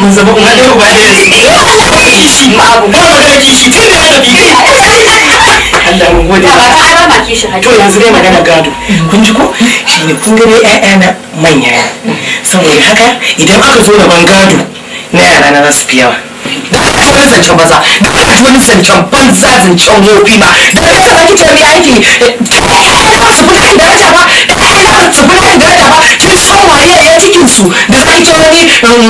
mun zama kuma da ba da shi ma abu ba da shi tun da da bi Allah mun gode ba ta ara kishi haƙi to yanzu dai magana gado kun ji ko shine kun ga dai ƴaƴana manya saboda haka idan aka zo da ban gado na yara na zasu fi yawa da aka wani zancen banza da aka wani zancen banza zancen wofi ma da aka sa baki tarbi aiki da ba su fi da daraja ba da ƴaƴa da su su da santori gadon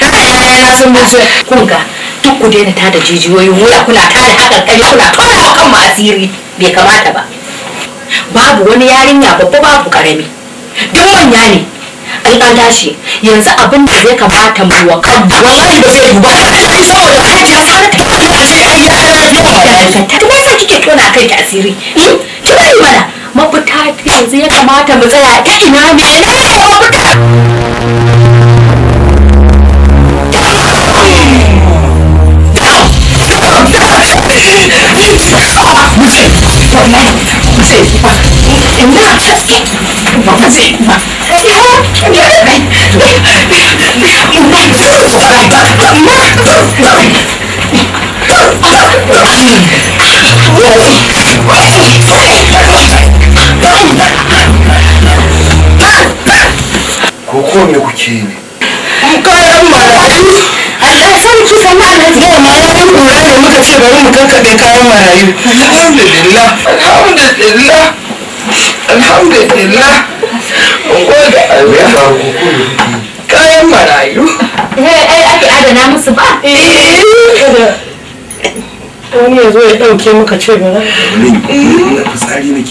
eh, ya yana sun musu kunga duk ku daina tada wula wuya kuna da hakan kuna tona wa kan asiri bai kamata ba babu wani yarinya babba babu karami duk wanya ne an an yanzu abin da zai kamata mu wa kan wallahi ba zai duba ai saboda ai ta fara ta ce ai ya ta ta me yasa kike tona kai ta asiri hmm? ki bari mana mafita yanzu ya kamata mu tsaya ta ina ne ne mafita Whoa! ko ko me kuke ne kayan marayu Allah da ne muka ce bari mu karkaɗe kayan marayu alhamdulillah alhamdulillah alhamdulillah marayu eh, eh ake adana musu ba eh, eh. wani ya zo ya ɗauke maka ce ba na fitsari na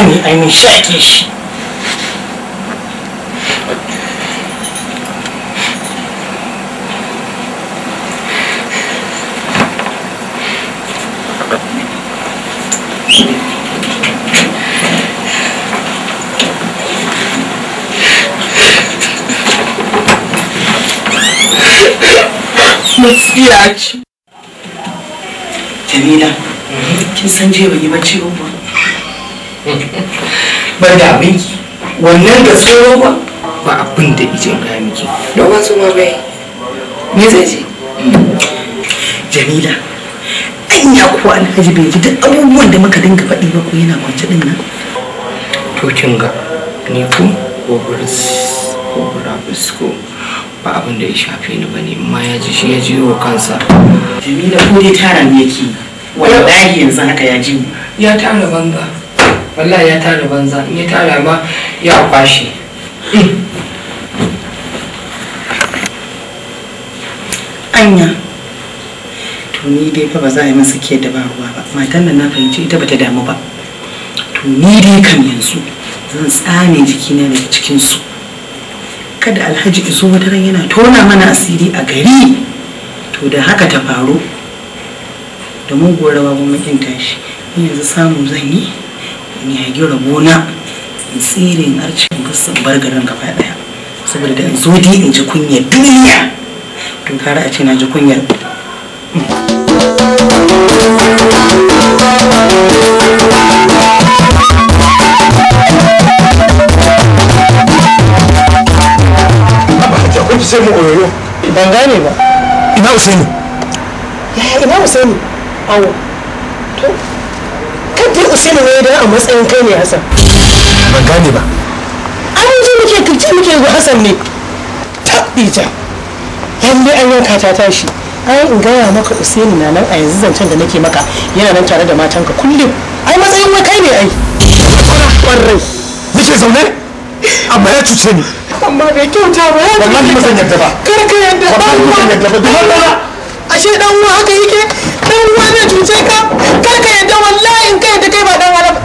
sani an yi shaƙe shi Jamila, mhm. kin san je ban yi bacci ba Ba da abinki wannan da tsoro ba ba abin da ije ga miki don wasu ma bai me zai ce jamila anya kuwa alhaji bai ji duk abubuwan da muka dinga faɗi ba ko yana kwance din nan to kin ga ni ko obrus ko ba abin da ya shafe ni ba ne amma ya ji shi ya ji wa kansa jamila ko dai tara ne yake wallahi yanzu haka ya ji ya tara banza balla ya tara banza in ya tara ma ya kwashe anya to ni dai fa ba za a yi masa ke da ba ba matan nan na fahimci ita bata damu ba to ni dai kam yanzu zan tsame jikina daga cikin su kada alhaji iso wata ran yana tona mana asiri a gari to da haka ta faru da muguwar rawa babu makin tashi yanzu samu zan yi ya gira gona in tsire in arci in fusa bar garin gaba daya saboda da in zo dai in ji kunyar duniya to kare a ce na ji kunyar sai mu oyoyo ban gane ba ina usaini ya eh, ina usaini awo to kan ta usaini ne da a matsayin kai ne hasan ban gane ba an ji muke kirce muke yanzu hasan ne tabbija lalle an yanka ta tashi ai in gaya maka usaini na nan a yanzu zancen da nake maka yana nan tare da matanka kullum ai matsayin wai kai ne ai kwarai nake zaune amma ya cuce ni amma bai kyauta ba ya cuce ni wallahi ba zan yadda ba kar ka yadda ba wallahi ba zan yadda ba duk ashe dan uwa haka yake dan uwa zai cuce ka kar ka yadda wallahi in ka yadda kai ba dan haram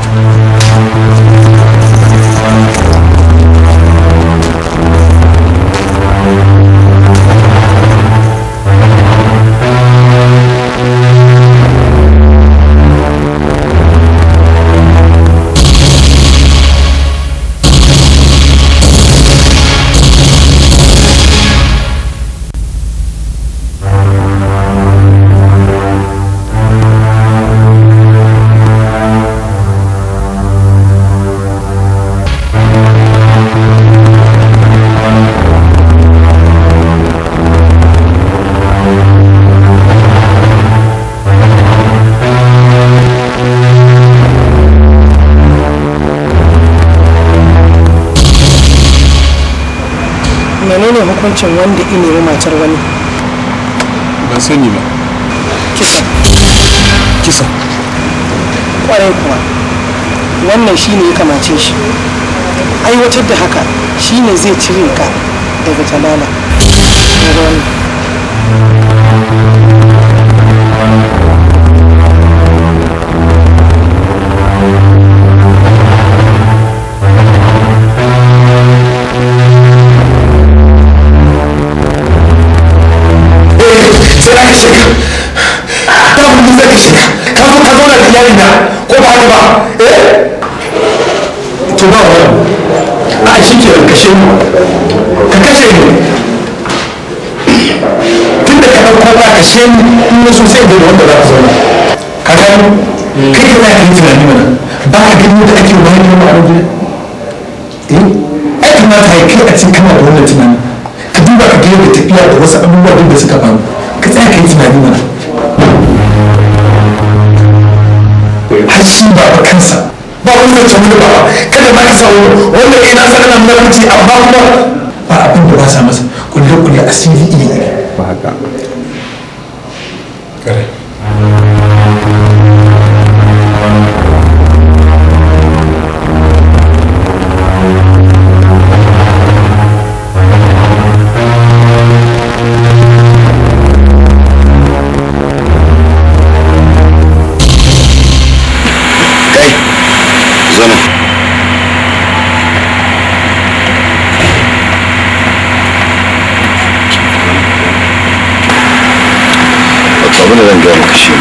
barin gaya maka shi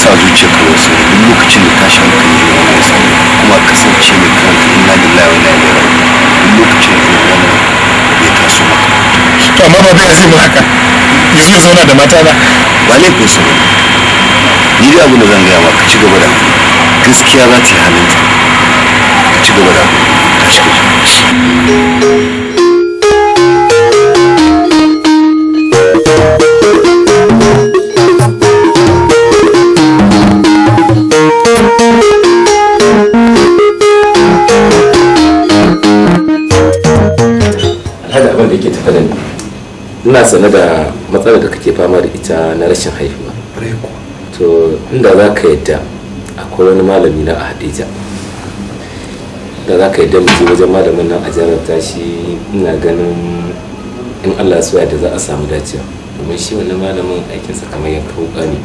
sa zuciya ka wasu duk lokacin da tashi hankali ya wani wasu kuma kasance mai karanta inna lillahi wa inna ilaihi raji'un duk lokacin da irin wannan ya taso maka to amma ba bai zai mu haka yanzu ya zauna da matana. ba ba laifin ni dai abin da zan gaya maka ci gaba da gaskiya za ta yi halinta ka ci gaba da ka thank you da ke tafa da ni ina sane da matsalar da kake fama da ita na rashin haihuwa to inda za ka yadda akwai wani malami na a hadija da za ka yadda mutu wajen malamin nan a jarabta tashi ina ganin in allah suwa da za a samu dacewa domin shi wani malamin aikinsa kamar yanka kuka ne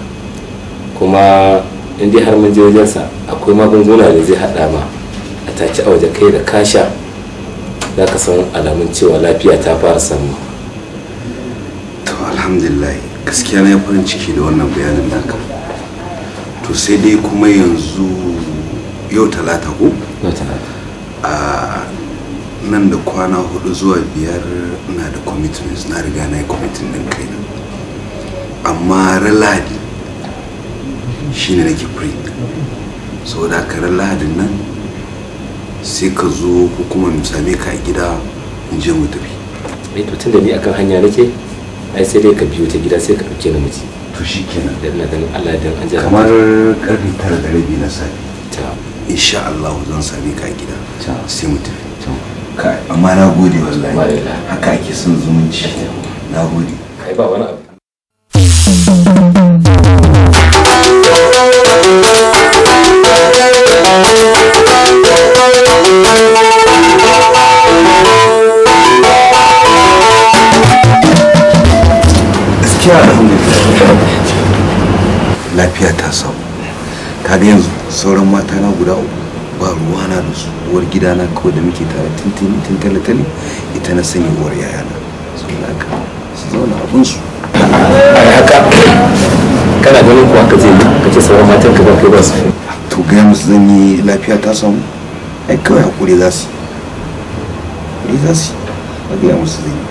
kuma in dai har mun je wajensa akwai magunguna da zai haɗa ma a tace a waje kai da kasha za ka san alamun cewa lafiya ta fara samu to alhamdulillah gaskiya na farin ciki da wannan bayanin naka to sai dai kuma yanzu yau talata ko a nan da kwana hudu zuwa biyar na da commitments na riga na yi commitment din kaina amma raladi shine nake free saboda ka raladin nan sai ka zo ko kuma mu same ka a gida mu je mu tafi eh to tunda ni akan hanya nake ai sai dai ka biyo ta gida sai ka dauke na miji to shikenan dan na dan Allah dan an jira kamar karfi 9 da rabi na safe ta insha Allah zan same ka a gida sai mu tafi kai amma na gode wallahi haka ake son zumunci na gode kai ba wani abu lafiya ta samu kaga yanzu sauran mata na guda uku ba ruwa na da su uwar gida na kawai da muke tare tintini tun talatali ita na sanya uwar na. saboda haka su zauna abin su haka kana ganin kuwa ka zai ka ce sauran matan ka ba kai ba su to ga musu zan yi lafiya ta samu ai kawai hakuri za su hakuri za su ba ga musu zan yi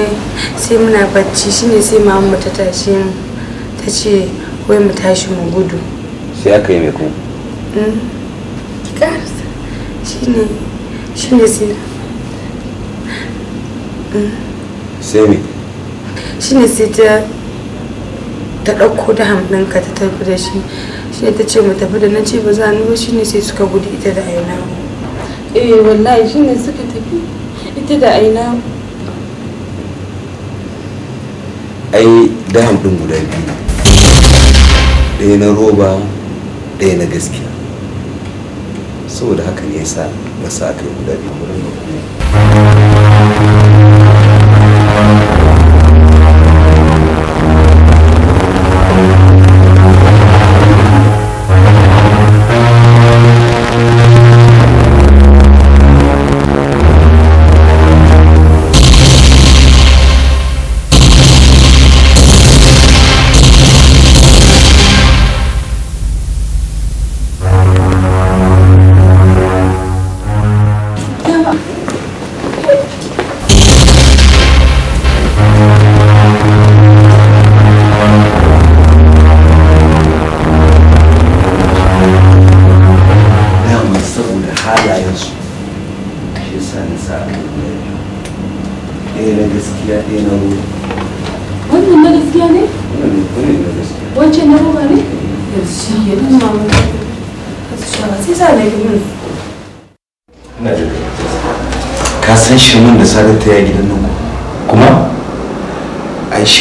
sai muna bacci shine sai mamu ta tashi ta ce wai mu tashi mu gudu sai aka yi mai ku hmm? shine shine sai hmm? sai ne shine sai ta ta ɗauko da hamɗinka ta tafi da shi shine ta ce mu tafi da na ce ba za ni ba shine sai suka gudu ita da aina eh wallahi shine suka tafi ita da aina ai daham ɗin guda biyu ɗaya na roba ɗaya na gaskiya saboda haka ne ya sa na aka yi guda biyu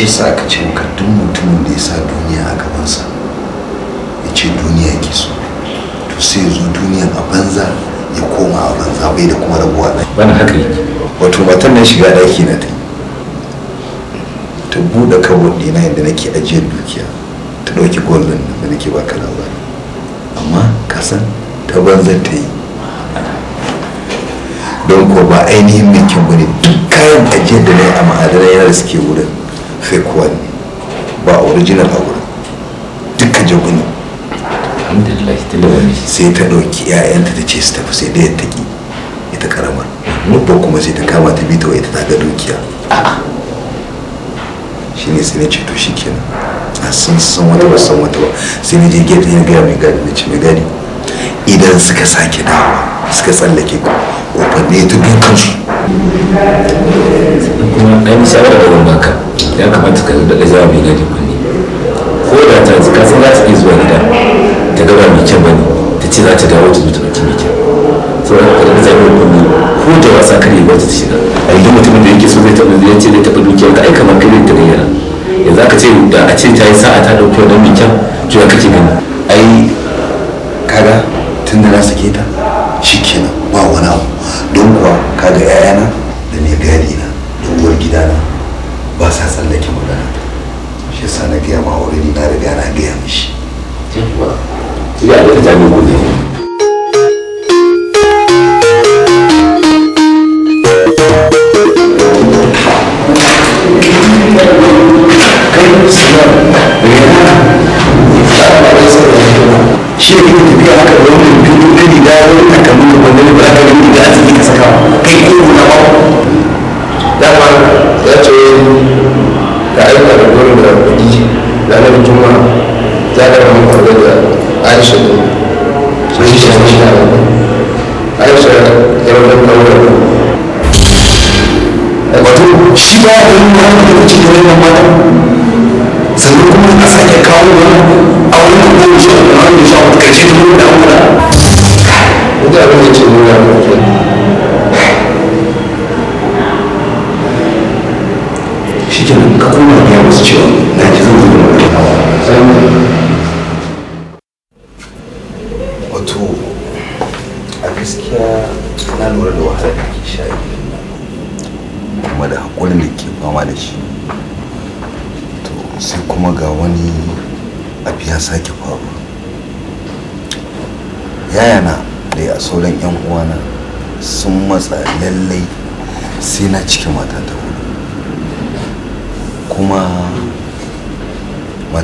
shi sa aka ce maka duk mutumin da ya sa duniya a gabansa ya ce duniya ke so to sai zo duniya a banza ya koma a banza bai da kuma rabuwa na haka yake wato matan nan shiga daki na sai ɗaya ta ki ita karamar babba kuma sai ta kama ta bita wa ita ta ga dukiya a'a shi ne sai na ce to shi kenan a san san wata ba san wata ba sai na je gefe ya gaya mai gadi na ce mai gadi idan suka sake dawa suka tsallake ku kofar ne ta dukan su kuma ɗan shawara da wani baka ya kamata ka daɗa jawa mai gadi ba ne ko da ta ka san za ta iya zuwa gida ta gaba mai kyau ba ne ta ce za ta dawo ta zuta mai kyau saboda haka da zai wani huta wasa kare ba ta shiga a mutumin da yake so zai taɓa zai ce zai taɓa dukiyar ka ai kamar kare ta ne yanzu aka ce da a ce ta yi sa'a ta ɗauki wannan bikin to ya kake gani ai kaga tun da na sake ta shikenan ba wani abu don kuwa kaga 'ya'yana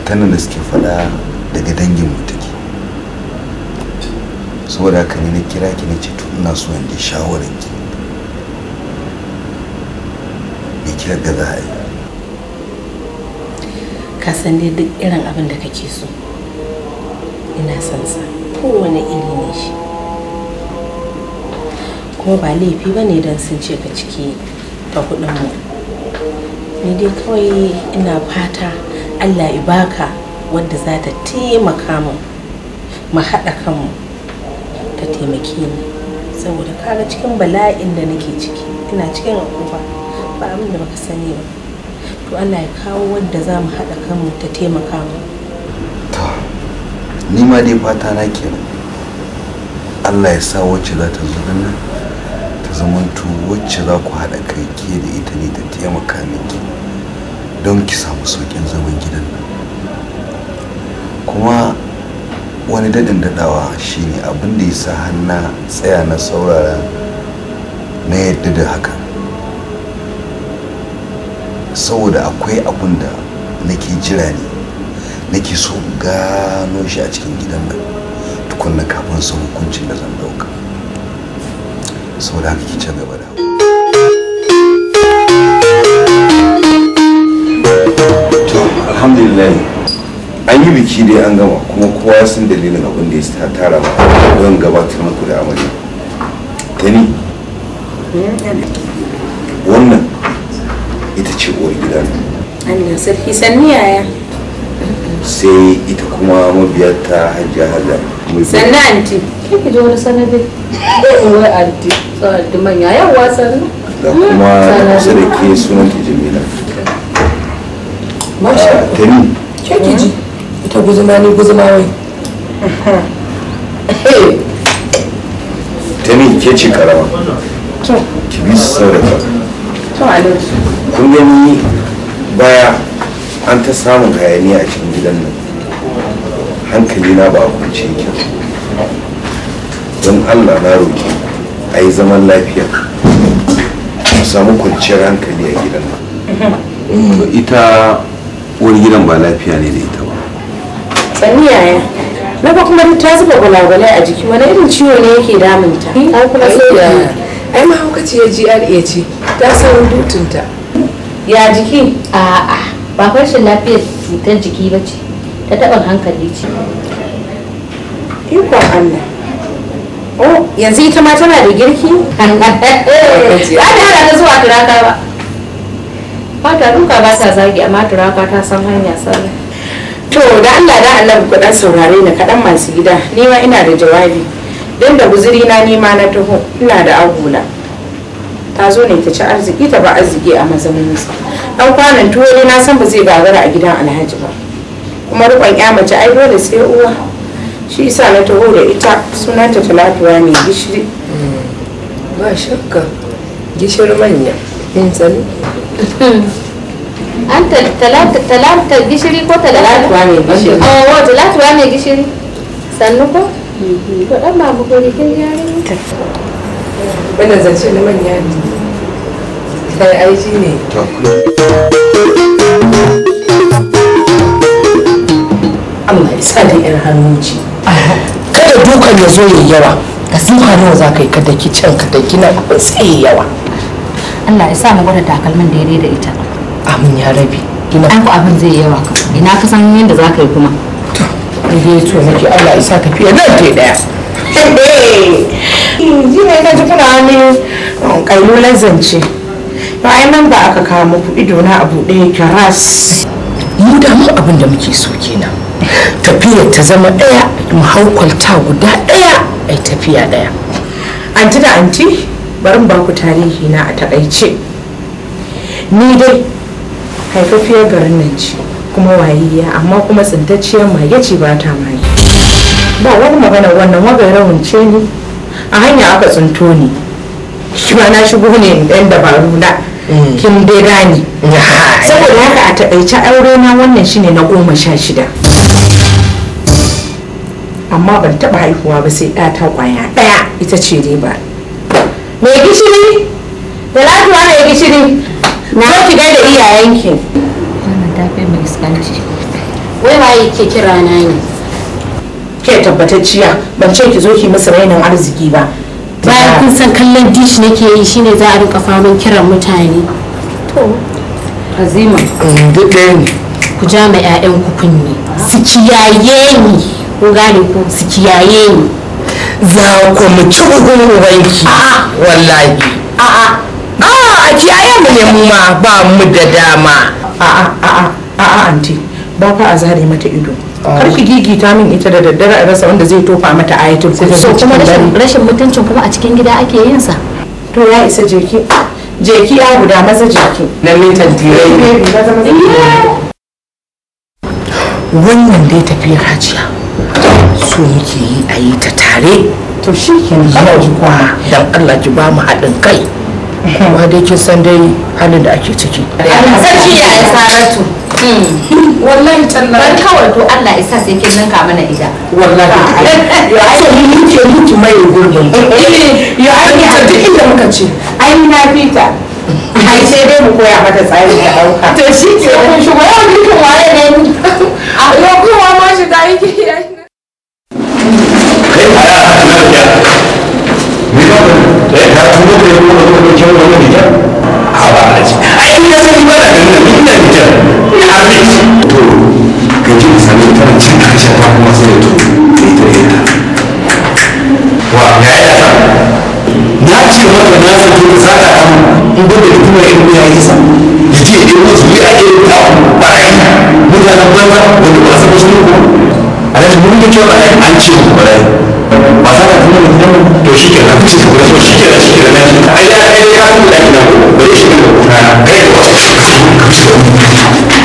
tana da suke faɗa daga dangin mu take saboda haka ne na kira ki na ce to ina so in ji shawaran ki me kira ga za a yi ka san dai duk irin abin da kake so ina son sa kowane iri ne shi kuma ba laifi ba ne don sun ce ka ciki ta kuɗin mu ni dai kawai ina fata allah ya baka wadda za ta taimaka mu mu haɗa kanmu ta taimake ni saboda kaga cikin bala'in da nake ciki ina cikin akufa ba abin da baka sani ba to allah ya kawo wadda za mu haɗa kanmu ta taimaka mu to ni ma dai fata na kenan allah ya sa wacce za ta zo nan ta zamanto wacce za ku haɗa kai ke da ita ne ta taimaka miki don ki samu sauƙin zaman gidan nan kuma wani daɗin daɗawa shine abin da ya sa hanna tsaya na saurara na yadda da haka saboda akwai abun da nake jira ne nake so gano shi a cikin gidan nan tukunna kafin sa hukuncin da zan ɗauka saboda haka ki ci gaba da alhamdulillah an yi biki dai an gama kuma kowa sun dalilin abin da ya tara ba don gabatar muku da amarya ta ni wannan ita ce uwar gida Allah sarki sanni yaya sai ita kuma mabiya ta hajji hada sannan anti kike ji wani sanadin eh, wai anti sanadin manya yawa sannan da kuma sarki sunan ke jimi tani ke ita guzuma guzuma wai tani ke ci karama ki bi su sauraka kun gani baya an ta samun hayaniya a cikin gidan nan hankali na ba a kwance yake don allah na roƙi a yi zaman lafiya a samu kwanciyar hankali a gidan nan mhm. ita wani gidan ba lafiya ne da ita ba tsaniya ya na ba kuma ta zuba gwalagwalai a jiki wani irin ciwo ne yake damunta an kuma sai da ai mahaukaci ya gra ce ta san dutunta ya jiki a'a ba fashin lafiyar cutar jiki ba ce ta taɓa hankali ce ikon allah oh yanzu ita ma tana da girki ba da hada ta zuwa turaka ba ba ta duka ba ta zagi amma turaka ta san hanya sallah to da Allah da Allah ku dan saurare ni kaɗan masu gida ni ma ina da jawabi don da guzuri na ni ma na taho ina da agula ta zo ne ta ci arziki ta ba arziki a mazauninsa dan kwanan tuwo ne na san ba zai gagara a gidan alhaji ba kuma rikon ya mace ai dole sai uwa shi isa na taho da ita sunanta talatuwa mai gishiri hmm. ba shakka gishir manya in sani an talata gishiri ko talatuwa ah, gishiri sannu ko to mhm. dan mamu gori kai yare wannan zance na manya ne kai aiji ne Allah isa da yar hannun ci kada dukan ya zo yayi yawa duka nawa za ka yi ka daki can ka daki nan sai yawa Allah ya sa mu gwada takalmin daidai da ita amin ya rabi ina ku abin zai yi yawa ina ka san yadda za ka yi kuma da ya to nake Allah ya sa tafiya nan te daya ji ne ka ji kuna wani kailulan um, zance to ai nan ba aka kawo muku ido na abu ɗaya ras. mu da mu abin da muke so kenan tafiya ta zama ɗaya mu haukwalta guda ɗaya ai tafiya ɗaya anti da anti bari baku tarihi na a takaice ni dai haifafiyar garin nan ce kuma wayayya amma kuma tsintacciyar mage ce ba ta mage ba wani magana wannan wagaira ce ni a hanya aka tsinto ni kima na shigo ne ɗan dabaru na mm. kin dai gani saboda haka a takaice aure na wannan shine na goma sha shida amma ban taba haihuwa ba sai ɗata kwaya ɗaya ita ce dai ba me gishiri da lafiya ne gishiri na ki ga da iyayenki wannan ta fi mai iskanci wai waye ke kira na ne ke tabbatacciya ban ce ki zo ki masa rainin arziki ba bayan kun san kallon dish nake yi shine za a rika faman kiran mutane to azima mm, duk da ku ja ma 'ya'yan ku kunne su kiyaye ni kun gane ku su kiyaye ni za ku mu ci kuɗin ubanki wallahi a'a a kiyaye mu ne mu ma ba mu da dama a'a a'a a'a anti ba fa a zare mata ido kar ki gigita min ita da daddare a rasa wanda zai tofa mata ayatul So kuma rashin mutuncin kuma a cikin gida ake yin sa to ya isa jeki jeki ya guda maza jeki na mintan tirai wannan dai tafiyar hajiya so muke yi a yi ta tare to shi kenan kuwa dan Allah ki ba mu haɗin kai kuma dai kin san dai halin da ake ciki sarki ya yi saratu hmm. wallahi tallahi ban kawai to Allah isa sai kin ninka mana ida wallahi yo ai so ni ke miki mai gurbin eh, eh, eh. yo ai ni ta duk inda muka ce ai na fita ai sai dai mu koya mata tsari da dauka to shi ke kun shi yau ni waye ne a ah. yau kuma ma shi da yake kai a yara na da me ba da ya ta tuno da ya kuma zuwa da kyau da wani da a ba a ji ai in ya sani ba da ni na, ina da ina a bai to ka ji misali tana cin karshen ta kuma sai ya to ne ta yi ta wa ya yi ta na ce maka na zato da za ka kan in ba da kuma in ya yi sa ya je ya ɗebo su yi a ɗebo ta barayi mutanen banza wanda ba a saba su. ne su mun da cewa ai an ce ku bare ba za ka kuma mutum to shi ke nan ci gaba to shi ke nan shi ke nan ai ya ai ya ku da kina ku bare shi ne ku na ai ko ai ai haka wai ai ko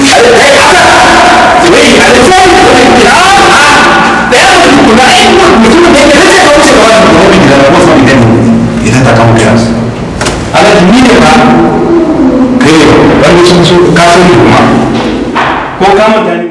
ya da ya ku na ai mutum da ke rage ka wuce ba ku ne da ko fa ne idan ta kamu kiyas ala ni ne ba kai wanda sun so ka sani kuma ko ka mutane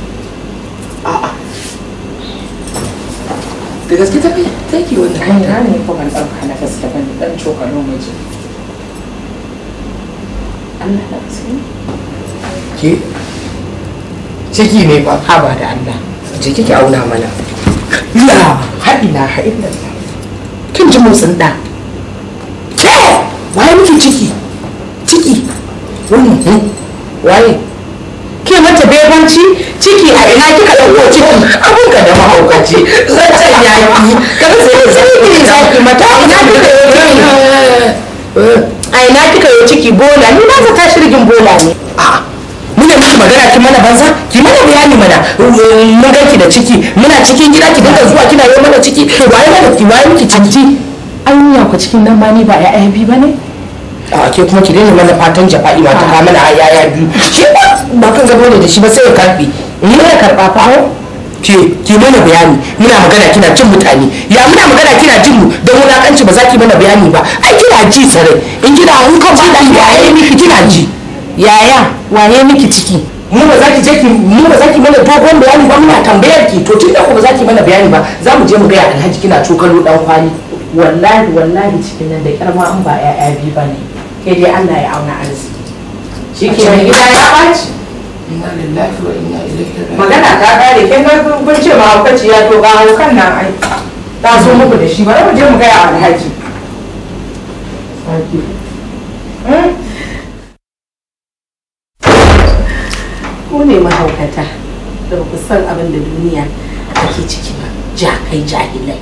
da gaske ta kai ta ki wani kan ta ne ko ban ɗauka na gaske ban ɗan cokalin waje Allah da gaske ke ciki ne ba ka ba da Allah je kike auna mana la ha ila ha illa kin ji motsin da ke waye muke ciki ciki wannan waye mahaukaci ciki a ina kika dauko ciki abun ka da mahaukaci zancen yaki ka kada sai ya sai ki mata ina kika yi ciki a ina kika yi ciki bola ni ba za ta shirgin bola ne muna miki magana ki mana banza ki mana bayani mana mun ki da ciki muna cikin gida ki dinga zuwa kina yi mana ciki waye mana ki waye miki cinci ciki anya ku cikin nan ba ni ba ya ya'ya bi ne a ke kuma ki daina mana fatan jafa'i ma ta ka mana yaya biyu shi ba ba kan zabo ne da shi ba sai ya karbi ni ne karba fa ke ki mana bayani muna magana kina jin mutane ya muna magana kina jin mu don wulakanci ba za ki mana bayani ba ai kina ji sarai in kina hun kan ba da yaye miki kina ji yaya waye miki ciki mu ba za ki je ki mu ba za ki mana dogon bayani ba muna tambayar ki to tunda ku ba za ki mana bayani ba za mu je mu ga alhaji kina cokalo dan kwani wallahi wallahi cikin nan da kyar an ba 'ya'ya biyu ba ne kai dai Allah ya auna arziki shi ke mai gida ya ɓaci magana ta kare kin ga kun ce ma hukaci ya to ga hukan nan ai ta so muku da shi bari mu je mu ga alhaji hmm? ku ne mahaukata da ba ku san abin da duniya ake ciki ba jakai jahilai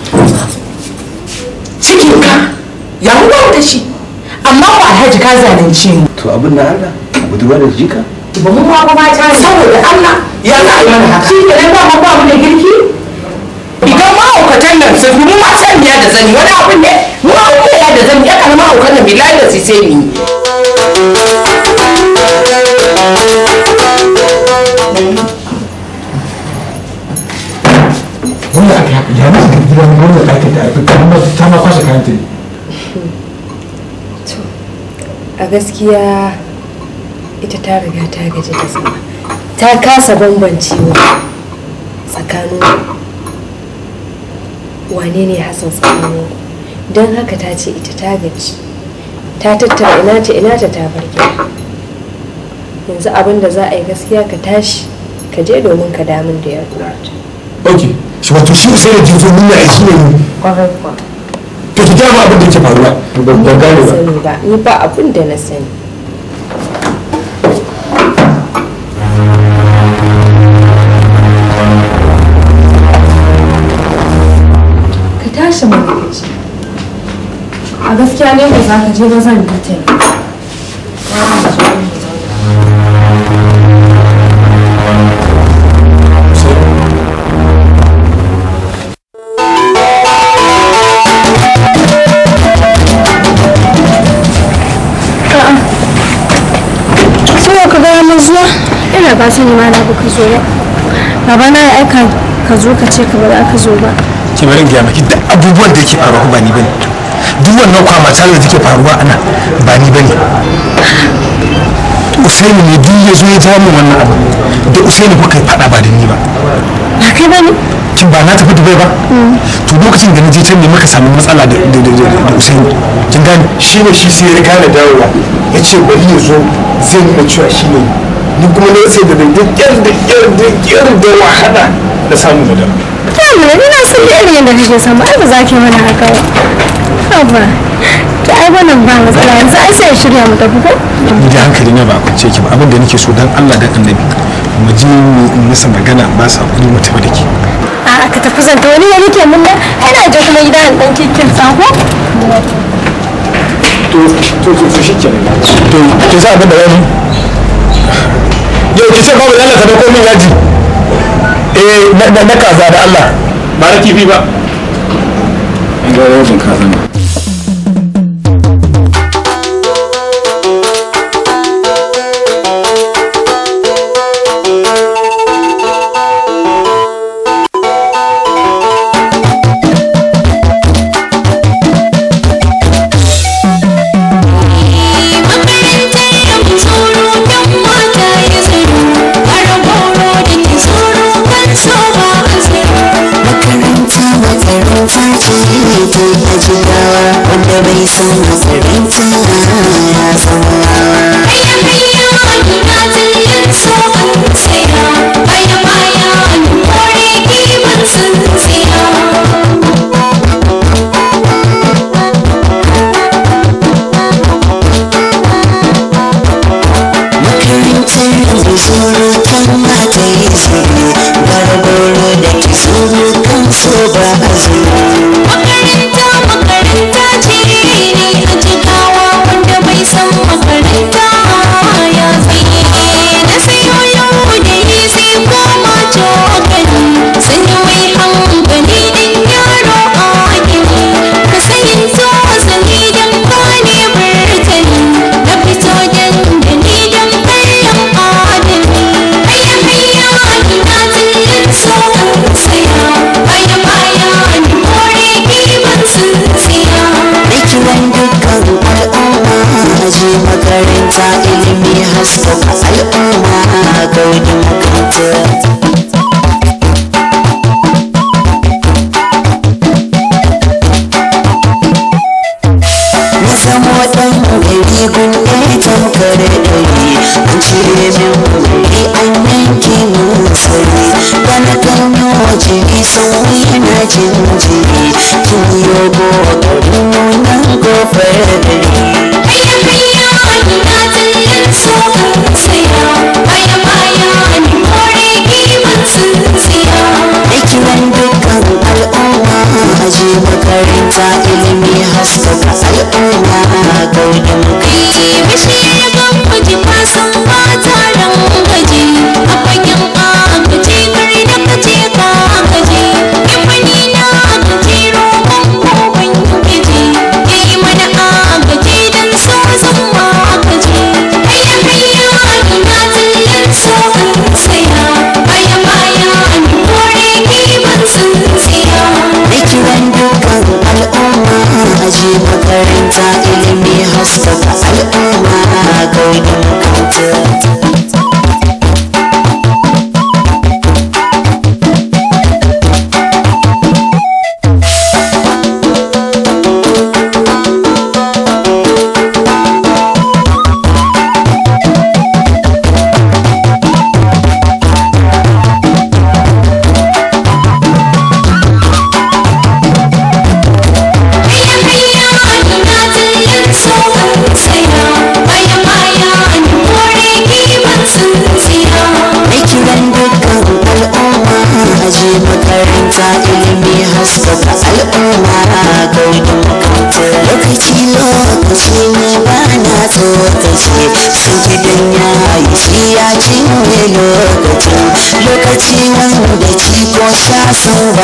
cikin ka ya ruwa da shi amma ba alhaji ka zalunce mu to abin da Allah budurwa da jika ba mu ma ba ta saboda Allah ya za a yi mana haka shi kenan ba mu ba mu da girki idan ma aukatan nan sai mu ma san biya da zani wani abin ne mu aukaya da zani ya kalma aukatan nan bilahi da sai sai ni Wanda ya ya na ka gidan wannan ɗakin da abin kamar ta ma kwashe kayan ta to a gaskiya ita ta riga ta gaji da zama ta kasa bambancewa tsakanin wane ne hassan tsakanin don haka ta ce ita ta gaji ta tattara ina ce ina ta ta bar gida yanzu abin da za a yi gaskiya ka tashi ka je domin ka damun da ya kurata. Okay. su wato shi sai da jirgin nuna a shi ne to ki gyara abin da ke faruwa ban gane ba ni ba abin da na sani ka tashi mai a gaskiya ne ba za ka je ba zan ta yi kenan baba na ya aika ka zo ka ce ka ba za ka zo ba ki bari gaya maki duk abubuwan da yake faruwa ba ni bane duk wannan kwama tare da ke faruwa ana ba ni bane usaini ne duk ya zo ya ja min wannan abu da usaini kuka yi fada ba da ni ba ba kai ba ne kin ba na tafi dubai ba mm. to lokacin da na je can ne muka samu matsala da usaini kin gane shi ne shi sai ya gane dawowa ya ce bari ya zo zai nuna cewa shi ne ni kuma na sai da duk da yar da da wahala da samu da dama kamar ina son da irin da kake samu ai ba za ki mana haka ba ba to ai wannan ba matsala yanzu ai sai shirya mu tafi ko da hankali ne ba kwance ki ba abin da nake so dan Allah da annabi mu je mu masa magana ba sa kuɗi mu tafi da ki a'a ka tafi zanta wani ya nake mun nan ina je kuma gida an dan kikin tsako to to to shi kenan to to za abin da wani yau ki ce babu Allah ka dauko min yaji eh na kaza da Allah ba rakifi ba an ga yau kaza ne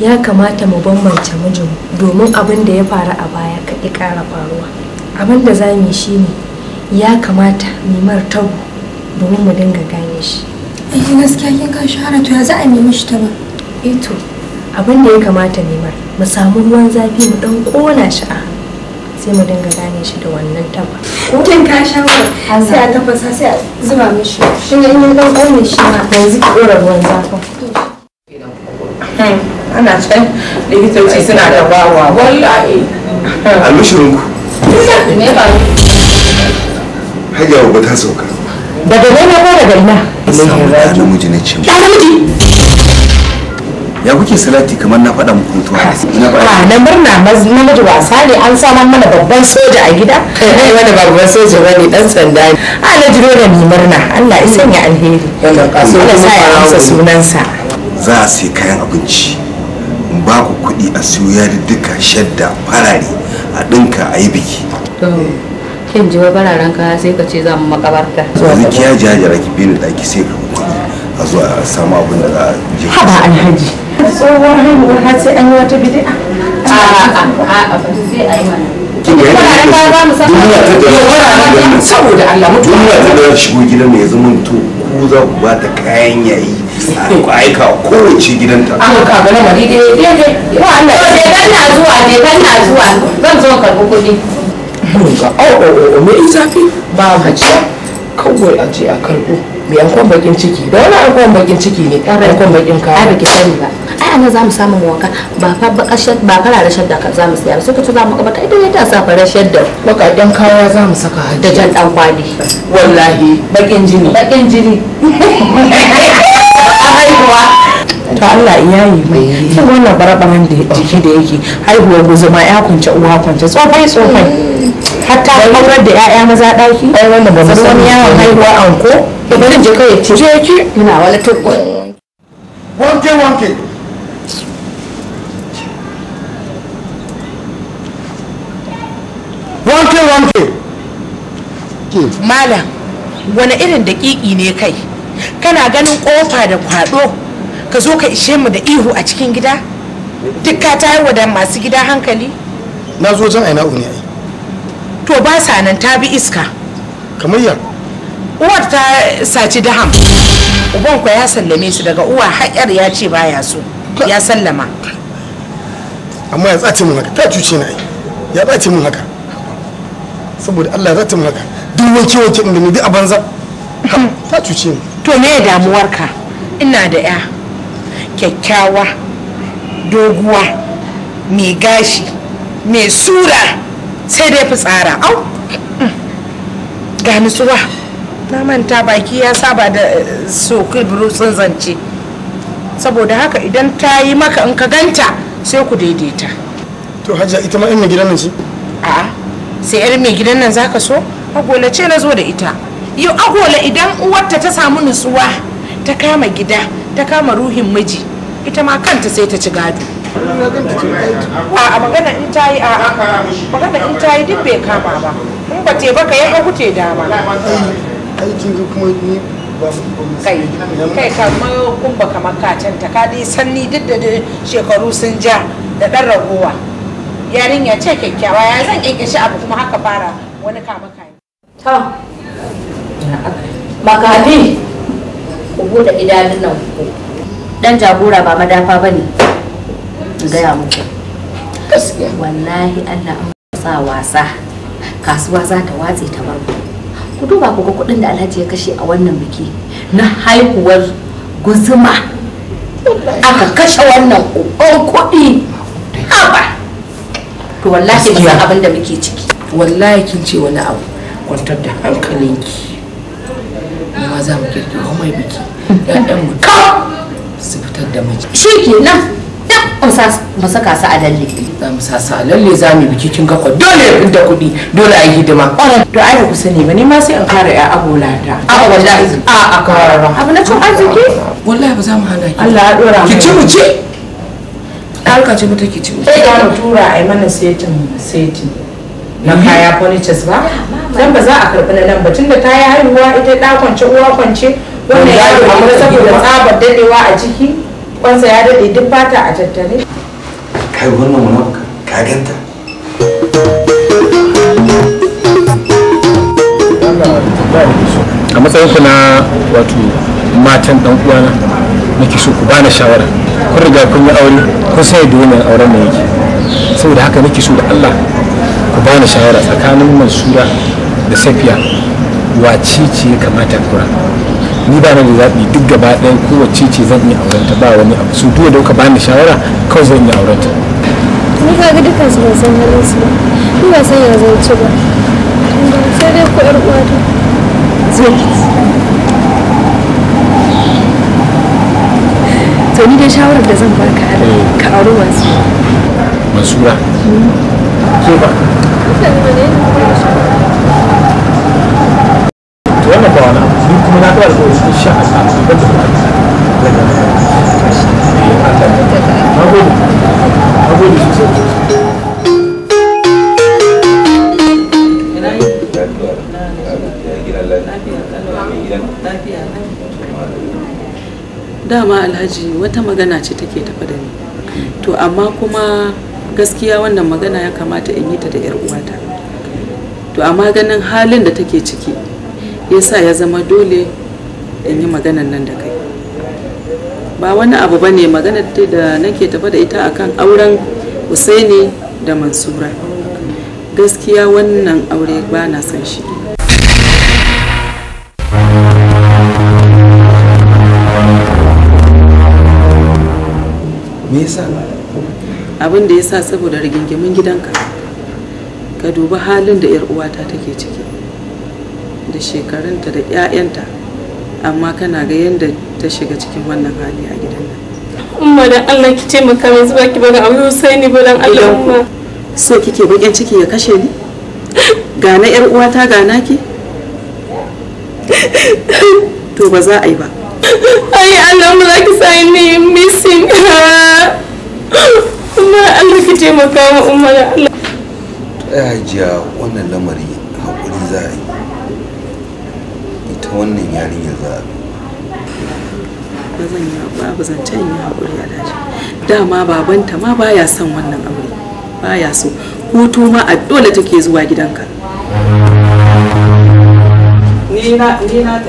ya kamata mu bambance mijin domin abin da ya faru a baya kaɗi ƙara faruwa abin da za mu shi ne ya kamata mimar tagu domin mu dinga gane shi ai gaskiya kin ka shahara to ya za a nemi shi ta ba eh to abin da ya kamata mimar mu samu ruwan zafi mu dan kona shi a sai mu dinga gane shi da wannan taba ko kin ka shawara sai a tafasa sai a zuba mishi ne in ya dan kona shi ma yanzu ki dora ruwan zafin ana can likitoci suna da bawa wallahi almishirinku hajiya ba ta sauka daga gona ko daga ina ɗan namiji na ce ɗan namiji ya kuke salati kamar na faɗa muku mutuwa a na murna namiji wasa ne an samar mana babban soja a gida kai wani babban soja bane dan sanda ne a na jiro da ni murna Allah ya sanya alheri Allah sa ya amsa sunansa za a sai kayan abinci baku kuɗi a siyo duka shadda farare a ɗinka a yi biki kin ji wa bararen kaya sai ka ce za mu makabarta zuwa ni kiya jajira ki bi ni sai ka kuɗi a zuwa a samu abin da za a je haba alhaji tsohuwar haihuwar har sai an yi wata bid'a a a a a a yi saboda Allah mutum duniya ta da shigo gidan mai yanzu to ku za ku ba ta kayan yayi ka aika kowace gidanta an ka ga na mari dai dai dai wa Allah dai kan na zuwa dai kan na zuwa zan zo karbi kuɗi ga au au au me zafi ba haji kawai a je a karbo me ankon bakin ciki da wani ankon bakin ciki ne ɗan ankon bakin kaya ai baki sani ba ai anan zamu samu wanka ba fa ba ba fararen shadda ka zamu siya sai ka ci zamu kabata idan ya ta sa fararen shadda bakakken kaya zamu saka hajji. da jan dan kwali wallahi bakin jini bakin jini haihuwa to Allah ya yi mai wannan barabaran da jiki da yake haihuwar guzuma ya kunce uwa kunce tsofai tsofai hatta da 'ya'ya maza daki wani yawon haihuwa anko je kai je ki ina wala wanke wanke wanke wanke malam wani irin daƙiƙi ne kai kana ganin kofa da kwado ka zo ka ishe mu da ihu a cikin gida duk ka yi da masu gida hankali na zo jan aina uniya. ai to ba sa nan ta bi iska kamar ya uwar ta saci daham uban ku ya sallame su daga uwa haƙar ya ce baya so ya sallama amma ya tsace mun haka ta cuce na ai ya tsace mun haka saboda Allah ya tsace mun haka duk wanke wanke inda ni duk a banza ta cuce ni to me damuwarka ina da ya kyakkyawa doguwa mai gashi mai sura sai dai fitsara au ga nutsuwa na manta baki ya saba da eh, sokul burutsun zance saboda haka idan ta yi maka in ka ganta sai ku daidaita to hajja ita ma yan mai gidan nan ce a'a sai yar mai gidan nan zaka so agwala ce na zo da ita yau agola idan uwarta ta samu nutsuwa ta kama gida ta kama ruhin maji, ita ma kanta sai ta ci gado a magana in ta yi a magana in ta yi duk bai kama ba in ba te baka yan hagu te dama aikin ga kuma ni kai kai kamar kumba kamar kacanta ka dai sanni duk da shekaru sun ja da ɗan ragowa yarinya ce kyakkyawa ya zan kyankyashe abu kuma haka fara wani kama kai makafi ku bude idanun nan ku dan jagora ba madafa bane gaya muku gaskiya wallahi Allah an sa wasa kasuwa za ta watse ta bar ku duba ku ga kudin da Alhaji ya kashe a wannan biki na haihuwar guzuma aka kashe wannan kokon kuɗi haba to wallahi ba abin da muke ciki wallahi kin ce wani abu kwantar da hankalinki ma za mu kirkiro mai biki ƴaƴan mu ka su fitar da miji shi ke nan mu saka su a lalle za mu sasa a lalle za mu biki kin kakwa dole ya fita kuɗi dole a yi hidima to ai ku sani ba ni ma sai in kare ya abola ta a wallahi a a karara abu na cin arziki wallahi ba za mu hana ki Allah ya dora mu ki ci mu ci harka ce mu take ci mu sai ka tura ai mana setin setin na mhm. kaya furnitures ba dan ba za a karbi na nan ba tunda ta yi haihuwa ita da kwance uwa kwance wannan yi ne saboda tsabar dadewa a ciki kwansa ya dade duk fata a tattare kai wannan munafuka ka ganta a matsayin ku na wato matan dan uwana nake so ku bani shawara kun riga kun yi aure kun sai da wannan auren ne yake saboda haka nake so da Allah ku bani shawara tsakanin mansura da safiya wace ce ya kamata kura ni ba na da zaɓi duk gaba ɗaya wace ce zan yi aurenta ba wani abu su duwa da ka bani shawara kawai zan yi aurenta ni ka ga dukkan su san halin su ba ni ba san ya zan ci ba sai dai ku ƴar ta. to ni dai shawarar da zan baka eh. ka auri wasu masura. ke ba wannan ba wani abu kuma na taɓa da kuma cikin shan asa a cikin da na gode na gode sosai dama alhaji wata magana ce take tafa da ni to amma kuma gaskiya wannan magana ya kamata in yi ta da 'yar uwata to amma ganin halin da take ciki yasa ya zama dole in yi maganan nan da kai ba wani abu ba ne magana da nake tafa da ita akan auren husaini da Mansura gaskiya wannan aure ba na son shi me yasa abin da ya sa saboda rigingimin gidanka ka dubi halin da 'yar uwata take ciki da shekarunta da 'ya'yanta amma kana ga yadda ta shiga cikin wannan hali a gidan nan umma dan Allah ki taimaka min zuba ki bada abu sai ni ba dan Allah umma so kike bakin ciki ya kashe ni ga na 'yar uwata ga ki to ba za a yi ba ai Allah mu za ki sa ni missing kuma Allah ka taimaka wa umma da Allah ta hajiya wannan lamari hakuri za a yi ita wannan yarinya za a ba zan yi ba zancen yi haƙuri a daji dama babanta ma baya son wannan aure baya so hutu ma a dole take zuwa gidanka nina na ni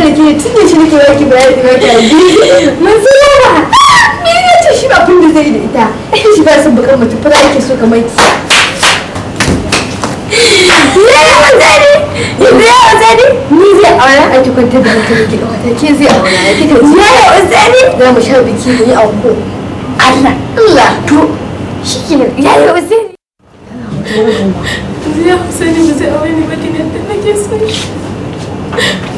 talake tun da shi nake baki bayani wata biyu mun zama me ne ce shi ba abin da zai da ita ita shi ba san bakan mutum fara yake so kamar ki ya yi ya ni zai aure a ki kwantar da hankali ki da wata ke zai aure ya za mu sha biki mu yi Allah Allah to shi ke ya yi wazari ya ba zai aure ba so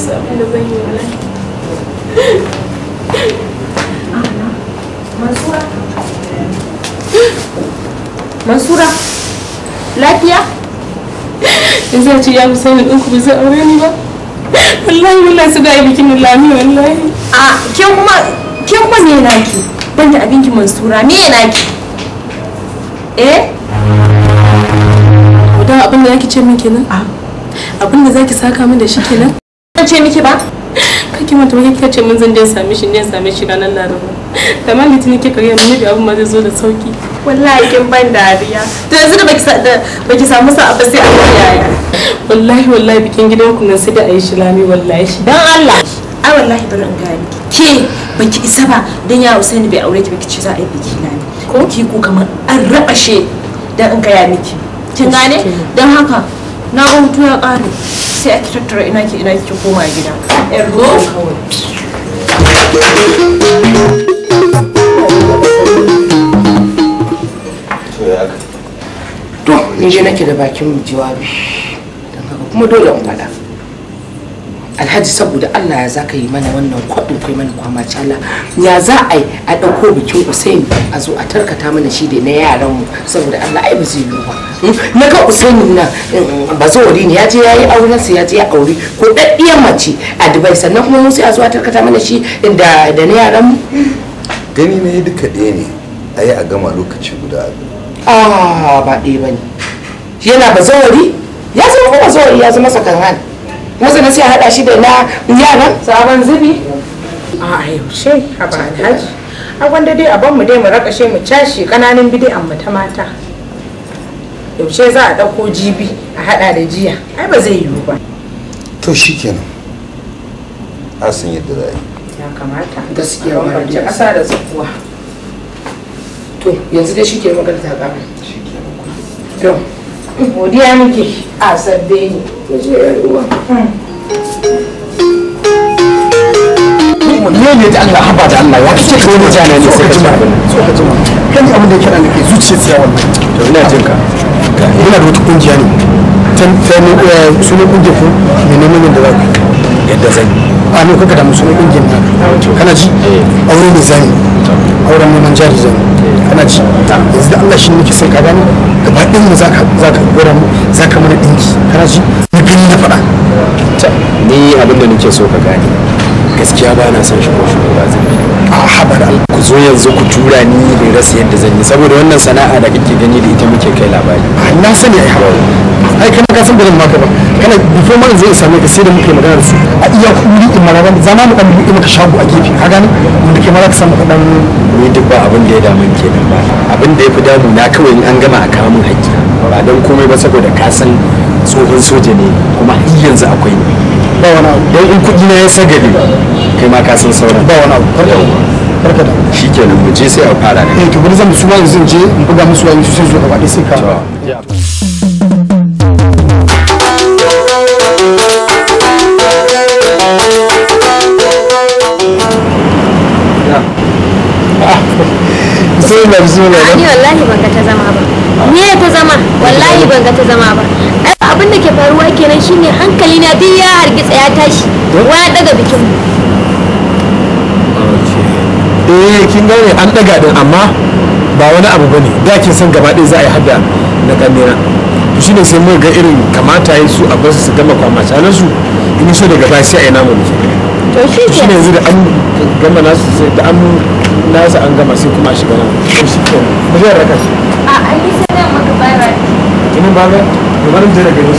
rasa abin da zan yi wallahi Mansura Mansura lafiya ce ya fi sani ba zai aure ni ba wallahi wallahi su lami wallahi a kin kuma kin kuma me banda abinki mansura me eh da abin da ce min kenan abin da zaki saka min da shi kenan ce miki ba kake mata wani kika ce mun zan je same shi ne same shi ranar laraba kamar litinin kika gaya mun abin ma zai zo da sauki wallahi kin ban dariya to yanzu da baki da baki samu sa ba sai Allah ya yaya. wallahi wallahi bikin ku nan sai da ayi shilami wallahi shi dan Allah ai wallahi ba zan gani. ke baki isa ba dan ya Usaini bai aure ki baki ce za a yi biki ni. ko ki ku kamar an rabashe dan in ya miki kin gane dan haka na ga hutu ya ƙare sai ake tattara ina ki ina ki koma gida yar go kawai to ni je nake da bakin kuma dole in faɗa alhaji saboda allah ya za ka yi mana wannan kwaɗin kai mana kwama cala ya za a yi a ɗauko bikin usaini a zo a tarkata mana shi da na yaran mu saboda allah ai ba zai yi ba hmm? na ga usaini na ba zawari ne ya je ya yi auren ya je ya aure ko ɗaɗɗiyar mace a dubai sannan kuma musu a zo a tarkata mana shi da na yaran mu gani ne duka ɗaya ne a yi a gama lokaci guda a ba ɗaya ba ne yana ba zawari ya zama ba zawari ya zama sakan hali kuma sannan sai a haɗa shi da na yaran sabon zubi a yaushe a ba alhaji a wanda dai a ban mu dai mu rakashe mu cashe kananan bidi'an mu ta mata yaushe za a ɗauko jibi a hada da jiya ai ba zai yiwu ba to shikenan a san yadda za a yi ya kamata gaskiya ba da ƙasa da tsakuwa to yanzu dai shike magana ta ƙara shikenan to godiya muke a sabbe ne ne ne da Allah haba da Allah ya kace kai mutane ne sai ka jima kan abin da yake da kai zuciya tsaya wannan to ina jin ina da wata kungiya ne tan tan sunan kungiya ko ne ne mun da zaka yadda zan a ne kuka da mu sunan kungiyar nan kana ji aure ne zani auren neman jari zani kana ji yanzu da Allah shi nake son ka gani gaba ɗin mu zaka zaka gura mu zaka mana dinki kana ji ni na faɗa ni abin da nake so ka gane gaskiya ba na son shigo shigo ba zan a habar ku zo yanzu ku tura ni da rasa yadda zan yi saboda wannan sana'a da kake gani da ita muke kai labari na sani ai habar ai kana ka san da maka ba kana before man zai same ka sai da muke magana da su a iya kuri in maraban zama mu dan buɗe maka shago a gefe ka gane wanda ke mara ka samu kadan ni duk ba abin da ya damu kenan ba abin da ya fi damu na kawai in an gama a kawo min hakki ba dan komai ba saboda ka san tsohon soja ne kuma har yanzu akwai ba wani abu don in kuɗi na ya sagale kai ma ka san sauran ba wani abu karka da shi kenan mu je sai a fara ne eh, to bari zan su ma yanzu je in buga musu wayoyi su sai zo gaba sai ka Sai na bisu Ni wallahi ban ga ta zama ba. Ni ta zama, ah. wallahi ban ga ta zama ba. abin da ke faruwa kenan shine hankali na duk ya hargitsa ya tashi ya daga bikin eh kin gane an daga din amma ba wani abu bane da kin san gaba ɗaya za a yi hadda na kamera to shine sai mun ga irin kamata yi su a bar su gama kwamacalan su in so daga baya sai a yi namu ne to shi ke shine yanzu da an gama nasu sai da an nasu an gama sai kuma a shiga nan to shi ke mu zai raka shi a an yi sai da maka bye bye kinin bye Umarım Cere Gelos.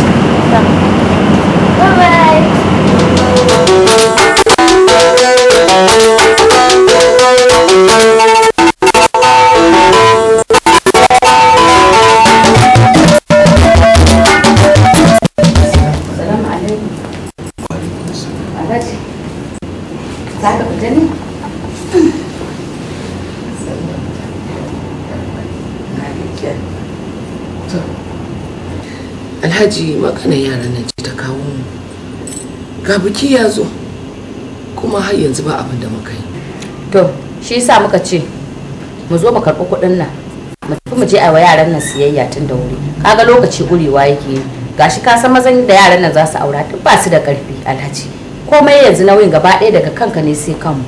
biki ya zo kuma har yanzu ba abin da muka yi to shi yasa muka ce mu zo mu karɓi kuɗin nan mu tafi mu je a wa yaran nan siyayya tun da wuri kaga lokaci gurewa yake yi gashi ka san mazan da yaran nan za su aura duk ba su da ƙarfi alhaji komai yanzu nauyin gaba ɗaya daga kanka ne sai kanmu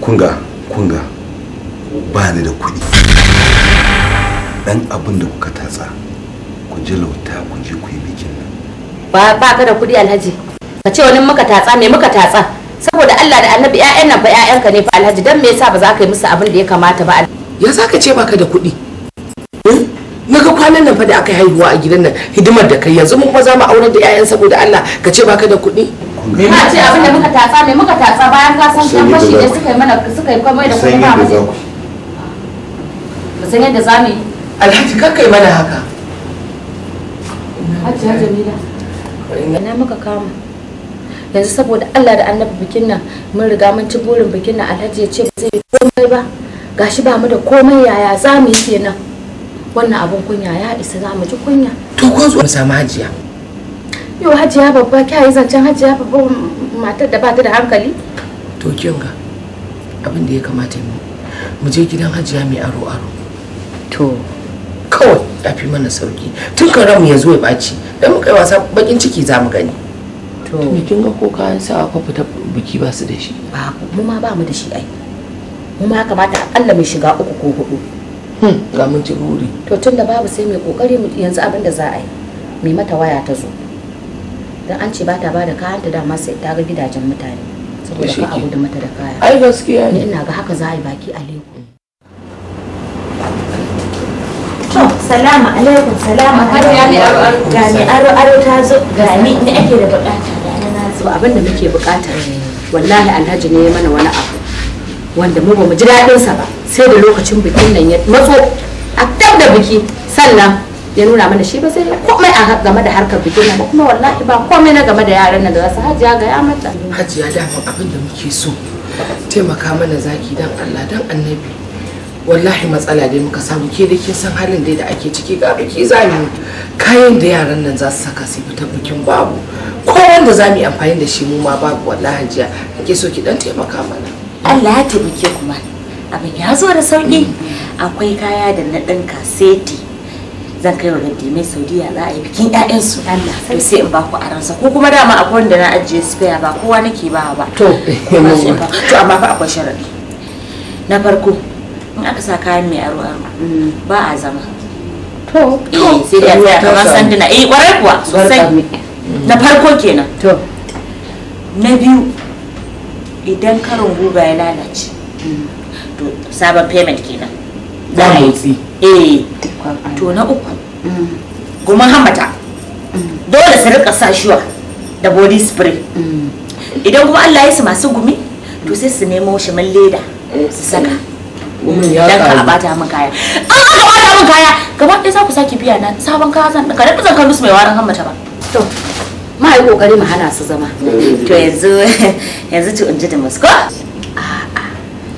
kunga kunga ba ni da kuɗi dan abin da kuka tatsa ku je lauta ku je ku yi bikin nan ba ba ka da kuɗi alhaji ka ce wani muka tatsa me muka tatsa saboda Allah da annabi ƴaƴan nan fa ka ne fa alhaji dan me yasa ba za ka yi musu abin da ya kamata ba ya za ka ce baka da kuɗi hmm? na ga kwanan nan fa da aka haihuwa a gidan nan hidimar da kai yanzu mun kuma za mu aurar da ƴaƴan saboda Allah ka ce baka da kuɗi ma ce abin da muka tatsa me muka tatsa bayan ka san kan fashi da suka yi mana suka yi komai da kuma ba ba san yadda za mu yi alhaji mana haka hajji jamila na muka kama yanzu saboda Allah da annabi bikin nan mun riga mun ci burin bikin nan alhaji ya ce ba zai komai ba gashi ba mu da komai yaya za mu yi kenan wannan abun kunya ya isa za mu ji kunya to ko zo mu samu hajiya yo hajiya babba kai yi zancen hajiya babba matar da ba ta da hankali to kin ga abin da ya kamata mu mu je gidan hajiya mai aro aro to kawai a fi mana sauki tun kan mu ya zo ya ɓaci dan mu kai wasa bakin ciki za mu gani to kin ga ko kayan sawa fa fita biki ba su da shi ba mu ma ba mu da shi ai mu ma kamata akalla mu shiga uku ko hudu hmm, ga mun ci buri to tunda babu sai mai kokari mu yanzu abin da za a yi mai mata waya ta zo dan an ce ba ta bada kayan ta dama sai ta ga gidajen mutane saboda ka abu da mata da kaya ai gaskiya ne ina ga haka za a yi baki a leko hmm. salamu alaikum salamu alaikum jami'ar aro ta zo gani da ake da bukata to abin da muke bukata wallahi alhaji ne ya mana wani abu wanda mu ba mu ji daɗinsa ba sai da lokacin bikin nan ya matso a tab da biki sannan ya nuna mana shi ba sai komai a game da harkar bikin nan ba kuma wallahi ba komai na game da yaran nan da za su hajiya ga ya mata hajiya da abin da muke so taimaka mana zaki dan Allah dan annabi wallahi matsala dai muka samu ke da kin san halin dai da ake ciki ga biki zami kayan da yaran nan za su saka su fita bikin babu ko wanda za mu yi amfani da shi mu ma babu wallahi jiya ake so ki dan taimaka mana Allah ya taimake kuma abin ya zo da sauki akwai kaya da na dan seti zan kai wa mai saudiya za a yi bikin su. Allah sai sai in ba ku aransa ko kuma dama akwai wanda na ajiye spare ba kowa nake ba ba to to amma fa akwai sharadi na farko in aka sa kayan mai aro aro mm, ba a zama to eh, sai da ya kamar sanduna eh kwarai kuwa sosai na farko kenan to na biyu idan karin guga ya lalace to sabon payment kenan za a yi eh to na uku kuma mm. hamata mm. dole su rika sa shuwa da body spray idan kuma Allah ya su masu gumi to sai su nemo shi man leda su saka wannan ka bata min kaya an bata min kaya za ku sake biya na sabon kaya zan mai warin hammata ba hana su zama yanzu to in ji da a'a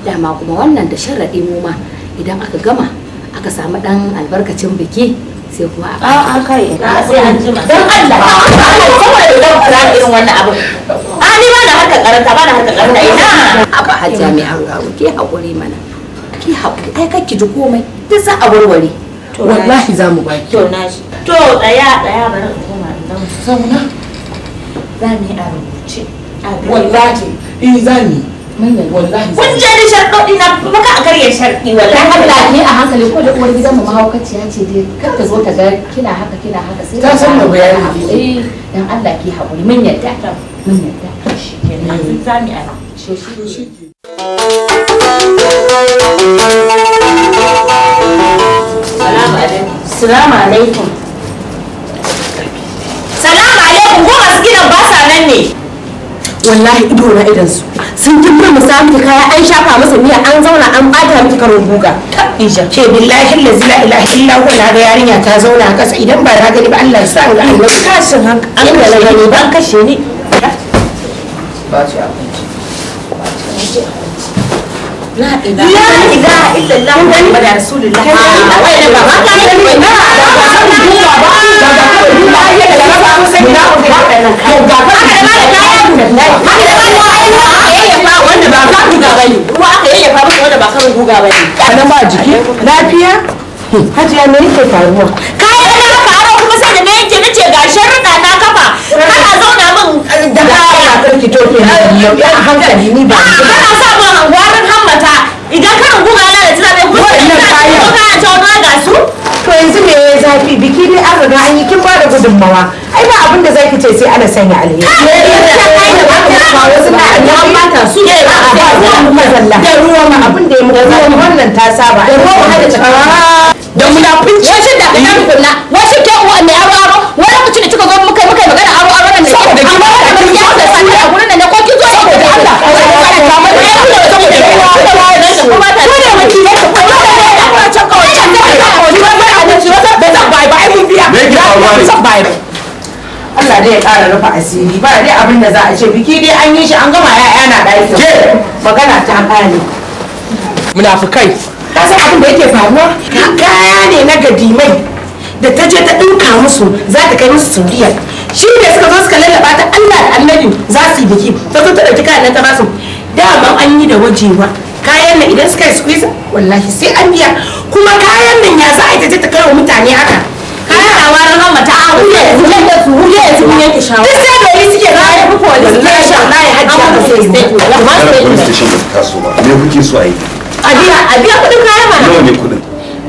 dama kuma wannan da sharaɗi mu ma idan aka gama aka samu ɗan albarkacin biki sai kuma a kai sai an jima don Allah saboda don fara irin wannan abu a ni ba na harkar karanta ba na harkar karanta ina a ba hajjami an gawo ke haƙuri mana ki haƙuri ai ki ji komai duk za a warware wallahi za mu baki to na shi to tsaya tsaya bari in koma in dan zauna za mu yi a rubuce wallahi in eh, za mu wallahi kun je da sharɗoɗi na maka a karya sharɗi wallahi Allah ne a hankali ko da uwar gidan mu mahaukaciya ce dai kar ta zo ta ga kina haka kina haka sai ta san mu bayani eh dan Allah ki haƙuri mun yarda mun yarda shi kenan eh. za mu yi a rubuce shi Salamu alaikum. Salamu alaikum ko masu gidan ba sa nan ne. Wallahi ido na idan su. Sun kin mu samu kaya an shafa masa miya an zauna an bata miki karon guga. Ija ce billahi allazi la ilaha illa huwa na ga yarinya ta zauna a kasa idan ba na gani ba Allah ya sa ga Allah ka shin an kashe ni ba kashe ni. Ba ci abinci. Ba ci abinci. la ilaha illallah muhammadu rasulullah wai da ba ma ka yi ba ba Kana ba jiki? Lafiya? Hajiya me yake faruwa? Kayan da na faru kuma sai da na yanke nace ga sharuɗa na kafa. Kana zauna min da baya. Kana karki tofe ni a hankali ni ba. Kana sa min gwara tabbata idan karin guga yana da tana bai guga na da kana ga su to yanzu me zafi biki dai an riga an yi kin ba da gudunmawa ai ba abin da zaki ce sai ana sanya alheri da ruwa ma abin da wasu da kana wasu ke uwa aro aro wani mutum da kika zo muka muka magana aro aro nan da Allah dai ya ƙara rufa asiri ba dai abin da za a ce biki dai an yi shi an gama ya'ya na ɗaki magana ta ƙare munafukai ka san abin da yake faruwa kaya ne na gadimai da ta je ta ɗinka musu za ta kai musu suriya shi ne suka zo suka lallaba ta Allah da annabi za su yi biki ta zo ta ɗauki kayan ta basu daman an yi da wajewa kayan nan idan suka yi squeeze wallahi sai an biya kuma kayan nan ya za a ita ta kai mutane haka kayan tawarin rama ta awo ah, ya yanzu yan da su huye yanzu mun yanke shawara duk sai da yi suke za a yafi ya sha na ya hajji ba sai state ba police station da ta ba me kuke so a yi a biya a biya kudin kayan mana na. ne kudin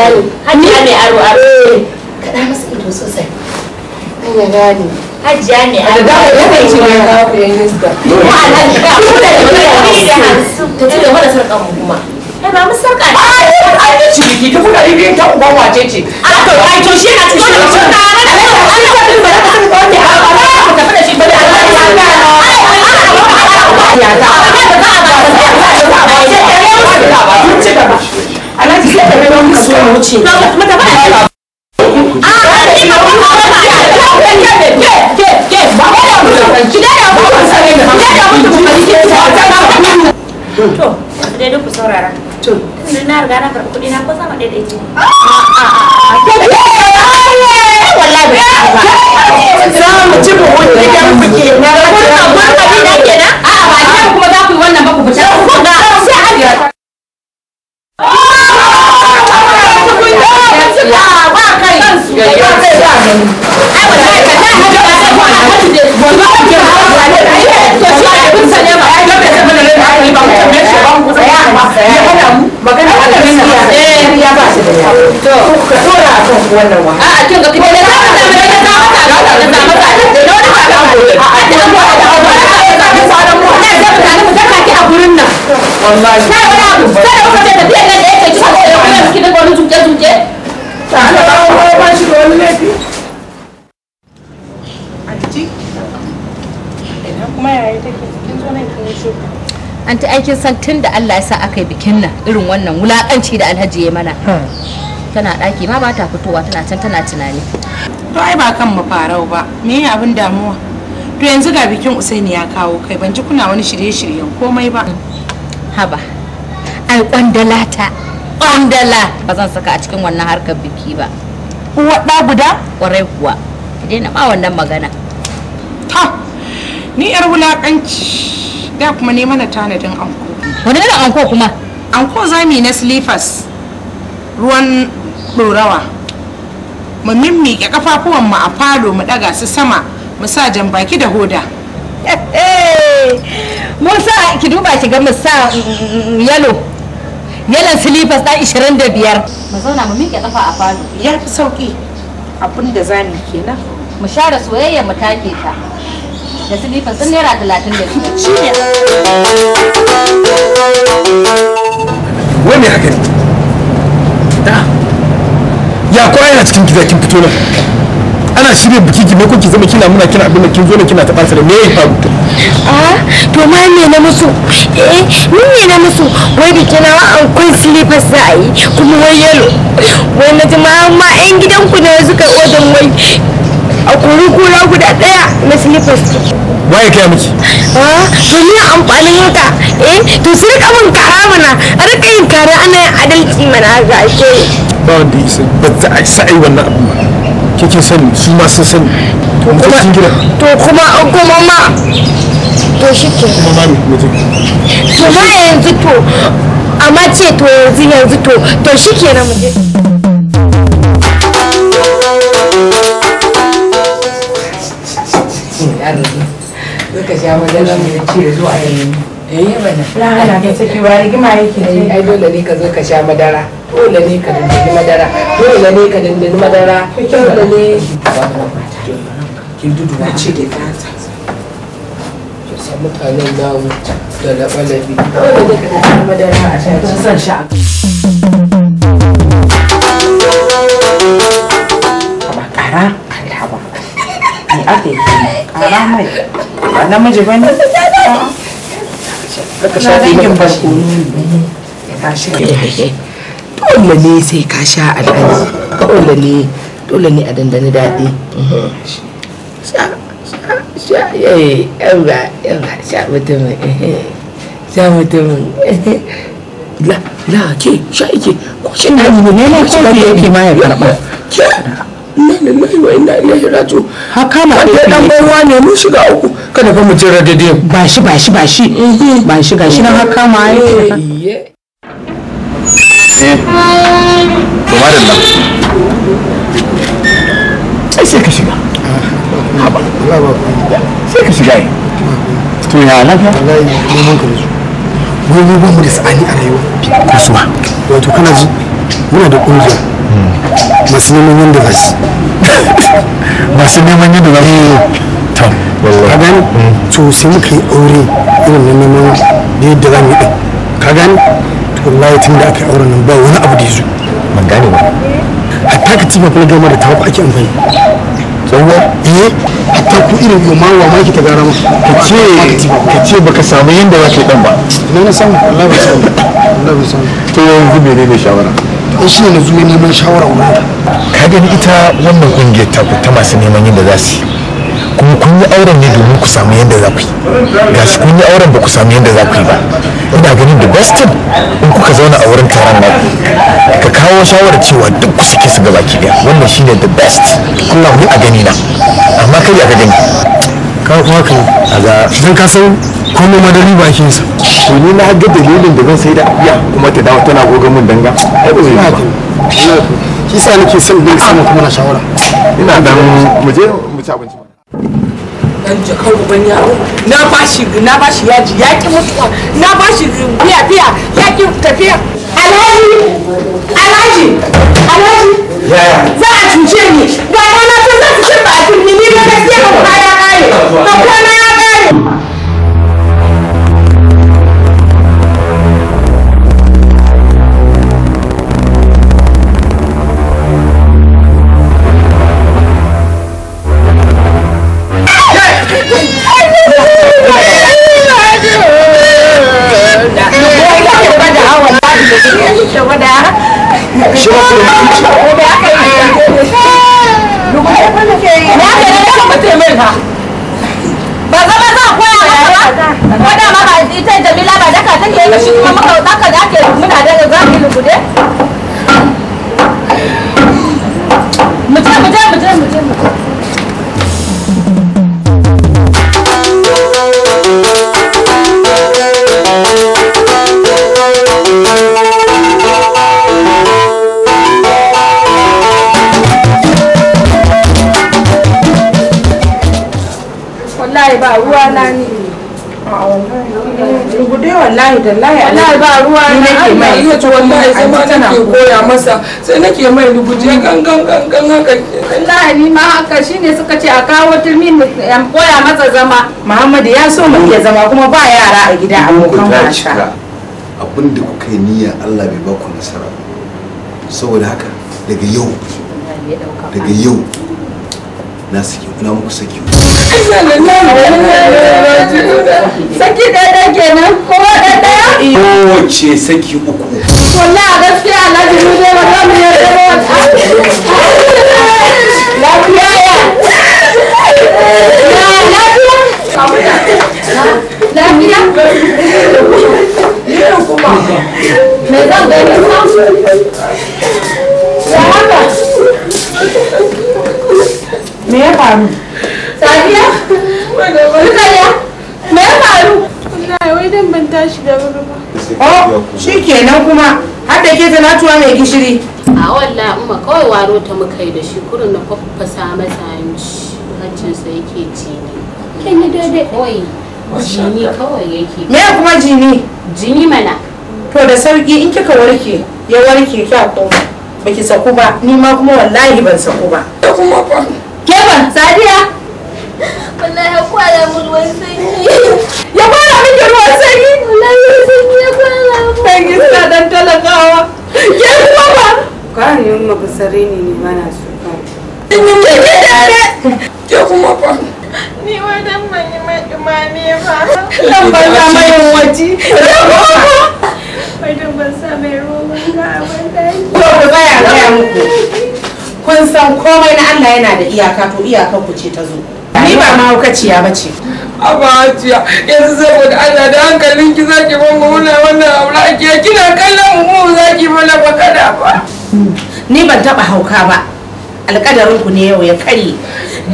gane hajiya mai aro aro kaɗa masa ido sosai an ya gane hajiya kai ku ka kuma da kuma da hansu ta da mana mu kuma ba mu sarƙa ne ai da ciniki ta kuma da ta wace ce a to ai to shi yana cikin da da alhaji sai ka bai muka so mu a a ni ma ba kenan a ba kuma za ku yi wannan magana ba wannan wahala a kin gurin nan wallahi kai da kuma ta Allah nan an san Allah ya sa aka yi bikin nan irin wannan wulakanci da Alhaji ya mana hmm. tana daki ma ba ta fitowa tana can tana tunani to ai ba kan mu farau ba me abin damuwa to yanzu ga bikin usaini ya kawo kai ban ji kuna wani shirye-shiryen komai ba haba ai kwandala ta kwandala ba zan saka a cikin wannan harkar biki ba uwa ɗa guda ƙwarai kuwa ki daina ma wannan magana ta ni yar wulakanci da kuma ne mana tanadin anko wani irin anko kuma anko zami na slippers ruwan ɗorawa mu mimmiƙe kafafuwan mu a falo mu ɗaga su sama musa jan baki da hoda eh, musa ki duba ki ga musa yalo yalan silifas da 25 mu zauna mu miƙe kafa a falo ya fi sauki abin da za mu kenan mu share soyayya mu take ta da silifas din naira 35 wai me haka da ya koya yana cikin gida kin fito ana shirya biki ki ko ki zama kina muna kina abin da kin zo ne kina ta fasara me ya faru ah to ma me na musu eh mun ne na musu wai da kina wa an kun slippers za a yi kuma wai yalo wai na jama'a ma yan gidan ku ne suka odan wai a kuri kura guda daya na slippers waye kai miki ah to ni amfanin haka eh to sai ka mun kara mana a rika yin kara ana adalci mana ga shi ba wanda sai ba za a sa yi wannan abin ba kike sani su ma sun sani to mutum gida to kuma eh, kuma ma to shike kuma ma mutum to ma yanzu to amma ce to yanzu yanzu to to shi ke na muje Lokaci ya wajen zamu yi ci da zuwa yanzu. eh bana na yake ce eh, ai dole ne ka zo ka sha madara dole ne ka madara dole ne ka dandani madara dole ne kin ce da fata sa mutanen namu da dole ne ka dandani madara a sha ta san sha kara kara mai kaka sha dangin barkono ka sha eh, eh, eh. dole ne sai ka sha alhaji dole ne dole ne a dandani daɗi mhm. sha sha yayi yawa yawa sha mutumin sha mutumin la la ke sha ike ko shi na yi ne ne ko shi yake ma ya karɓa inna lillahi wa inna ilaihi raji'un ha kama ko dan bawa ne mun shiga uku kada fa mu ji radade ba shi ba shi ba shi mhm. ba shi ga shi nan ha kama ai eh to madalla sai sai ka shiga haba sai ka shiga to ya lafiya wallahi mun hankali su wai mu ba mu da sa'ani a rayuwa kasuwa wato kana ji muna da kungiya masu neman yadda za su masu neman yadda za su eh. ka gani mm. to sai muka yi aure irin na neman yadda za mu yi ka gani to wallahi tun da aka yi auren nan ba wani abu da ba hatta ka tifa kuma gama da ta ake amfani eh hatta irin yau ma wa ma ki ta gara ma ka ce ka ce baka samu yadda za ka yi ɗan ba ina na samu wallahi ba samu wallahi ba samu to yanzu menene shawara shi ne zuwa neman shawara wani ka gani ita wannan kungiyar ta ta masu neman yadda za su kuma kun yi auren ne domin ku samu yadda za ku yi ga shi kun yi auren ba ku samu yadda za ku yi ba ina ganin da bastin in kuka zauna a wurin taron nan ka kawo shawarar cewa duk ku sake su gaba ki Wannan wannan ne the best Allah ni a gani na amma kai a ga gani ka kuma ka ga Zan ka san kuma madari bakin sa to ni na ga dalilin da zan sai da abiya kuma ta dawo tana goga min danga ai ba zai ba shi sa nake son bin sama kuma na shawara ina da mu je mu ci abinci dan jakar uban yaro na bashi na bashi yaji ya ki mutuwa na bashi biya biya ya ki tafiya alhaji alhaji alhaji za a cuce ni ga yana ta zan ci ba ni ni ba gaskiya ba kaya kare ba kwana yi shawada da ba ba zama za a koya maka ba ko da ma ba ita jamila ba daka take yi shi kuma maka da ake muna da za ba ruwa na ni rubuɗe wallahi tallahi wallahi ba ruwa na ke mai iya ci wallahi sai ma nake koya masa sai nake mai rubuce gangan gangan haka wallahi ni ma haka shine suka ce a kawo turmin yan koya masa zama muhammadu ya so mu ke zama kuma ba yara a gida abokan wasa abin da kuka yi niyya Allah bai ba ku nasara saboda haka daga yau daga yau na saki na muku saki Saki ɗaya kenan kowa ɗaya ɗaya? Kowace saki uku. a gaskiya Alhaji ba za mu yarda ba Lafiya ya. Ya lafiya. Lafiya. Me zan gani Ya haka. Me ya faru? Safiya? Rukaya? Me ya faru? Wallahi wai dan ban tashi da wuri ba. Oh, oh kenan kuma har da ke talatuwa mai gishiri. A wallahi umma kawai waro ta muka yi da shi kurin na fafasa masa hanci. Hancinsa yake jini. ne. Kin yi daidai? Oi, jini kawai yake. Me kuma jini? Jini mana. To da sauki in kika warke, ya warke kya koma. Baki saku ba, ni ma kuma wallahi ban saku ba. Ke ban, Sadiya? wallahi ya kwara mu ruwan sanyi ya kwara miki ruwan sanyi wallahi ya kwara mu dan iska dan talakawa ke kuma ba kwani mun mafasare ne ne bana so ke ke dare ke kuma ba ni ma dan mani ma ba. ma dan ban sa mai waji wai dan ban sa mai ruwan ga abin dai ko da baya ga muku kun san komai na Allah yana da iyaka to iyakar ku ce ta zo ni ba ma mahaukaciya ba ce abaciya yanzu saboda ana da hankalin ki zaki bango wannan wannan kina kallon mu zaki mana bakada ba hmm. ni ban taba hauka ba alkadarin ku ne yau ya kare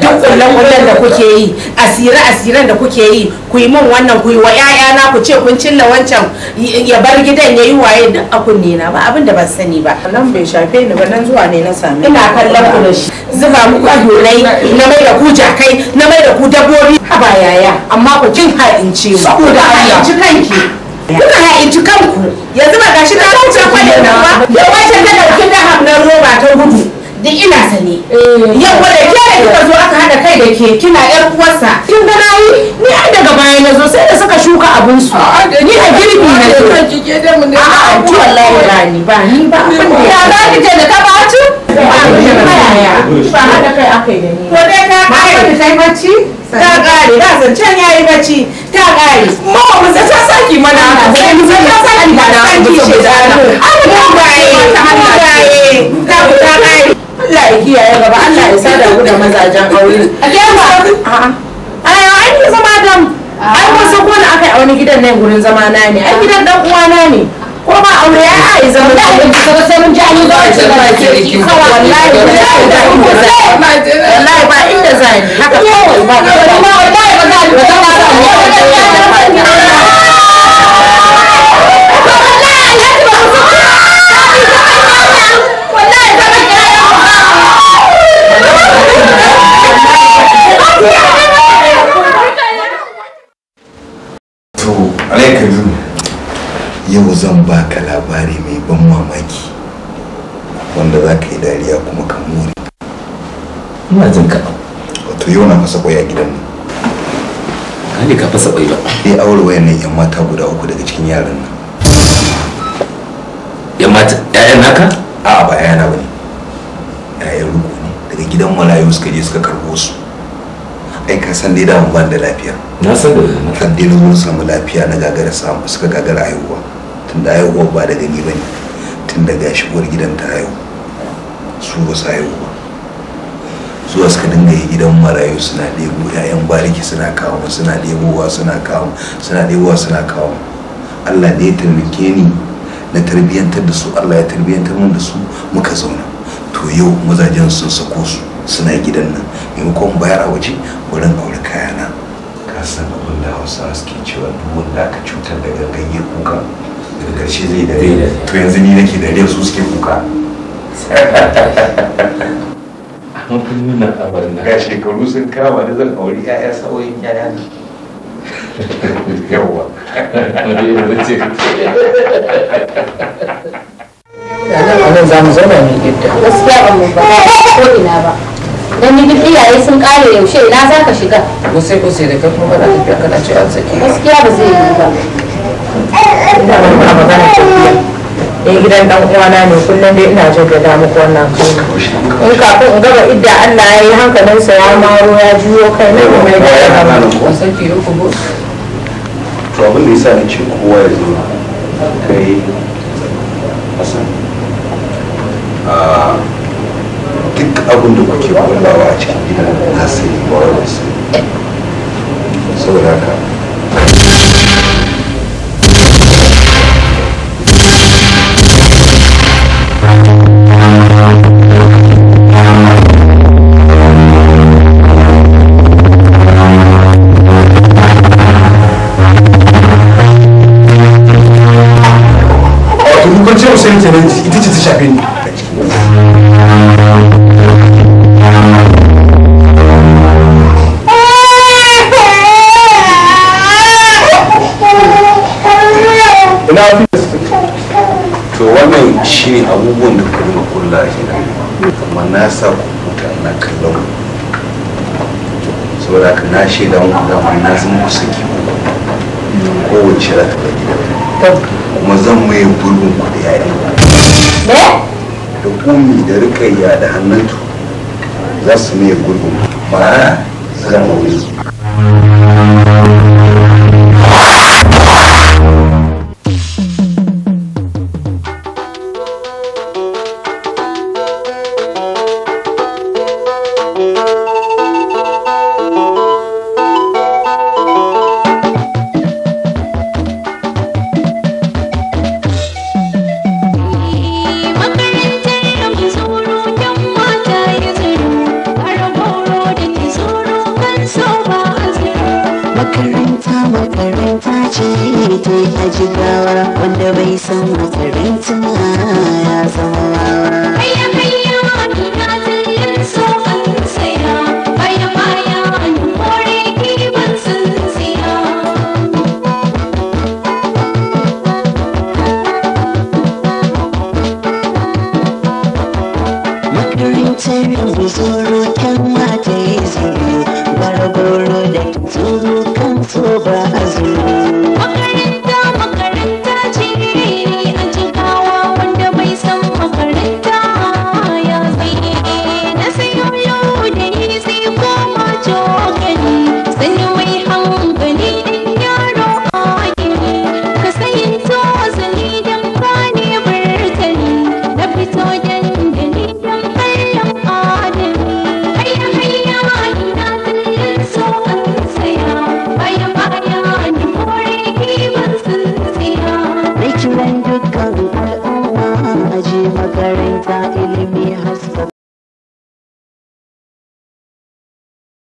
duk kullen kullen da kuke yi asira asiran da kuke yi ku yi min wannan ku yi wa 'ya'yana ku ce kun cilla wancan ya bar gidan ya yi waye duk a kunne na ba abin da ban sani ba nan bai shafe ni ba nan zuwa ne na sami. ina kallon ku da shi zuba muku adonai na mai da ku jakai na mai da ku dabbobi haba yaya amma ku kin ha'ince ba ku da Allah ji kanki kuna inci kanku yanzu ba gashi na kauce kwalin nan ba ya wace ta dauki da hamnar roba ta gudu duk ina sani eh. yau da ke da kika zo aka haɗa kai da ke kina yar uwarsa kin ga yi ni ai daga baya na zo sai da suka shuka abun su ni a girbi na zo a to wallahi ba ni ba ni ba ya za ki je da ta ba tu ba ni ba ya ba hada kai akai da ni ko dai ka ba yi sai bacci ta kare da zancen yayi bacci ta kare mu mu za saki mana haka sai mu za ta saki mana haka ki ce da ana ba ba ta hada ta kare Allah ya kiyaye gaba Allah ya sada ku da mazajen aure a kefa a an zama dan ai ko da aka yi a wani gidan nan gurin zama na ne ai gidan dan uwa na ne ko ba aure ya ai zama da mun ji sai mun ji an yi gaba ce gaba ce wallahi wallahi ba inda zai haka kawai ba wallahi ba za a yi ba za a yi to alaikabi yau zan baka labari mai ban mamaki wanda za ka yi dariya kuma ka more ina jin ka wato yau na fasa kwai gidan nan hali ka fasa kwai ba eh aure wayan nan yan mata guda uku daga cikin yaran nan yan mata yayan naka a'a ba yana bane yayan daga gidan marayu suka je suka karbo su ai ka san dai da ban da lafiya na san da san dai mun samu lafiya na gagara samu suka gagara haihuwa tun da haihuwa ba daga ni bane tun daga shigowar gidan ta haihu su ba su haihu ba zuwa suka dinga yi gidan marayu suna ɗebo yayan bariki suna kawo suna ɗebowa suna kawo suna ɗebowa suna kawo Allah ne ya taimake ni na tarbiyyantar da su Allah ya tarbiyyantar mun da su muka zauna to yau mazajen sun sako su suna gidan nan maimakon bayar a waje wurin aure kayana ka san abin da hausa suke cewa duk wanda aka cutar da gangan ya kuka daga karshe zai dare to yanzu ni nake dare su suke kuka amma kun nuna abar na shekaru sun kama da zan aure 'ya'ya sawoyin 'ya'ya yawwa a nan za mu zauna mai gidda gaskiya ba mu ba ko ina ba don ni duk iyaye sun kare yaushe ina za ka shiga kose kose da kai kuma kana tafiya kana ce an sake gaskiya ba zai yi ba ina ba ma magana tafiya eh gidan dan uwana ne kullum dai ina jaddada muku wannan kai in kafin in gaba idda Allah ya yi hankalinsa ya maro ya juyo kai ne kuma ya ga ko ko sake yi ku go to abin da yasa ni ce kowa ya zo kai Hassan duk abin da kuke kullawa a cikin gidan na sani ba wani sani saboda haka ita ce ta shafe ni alhamdulillah amma na sa ku na kallon saboda ka na shaida muku dama na zan ku saki kowace za ta gida da kuma zan maye gurbin ku da yare da kumi da rikayya da hannuntu za su maye gurbin ma'ana zan mawuyi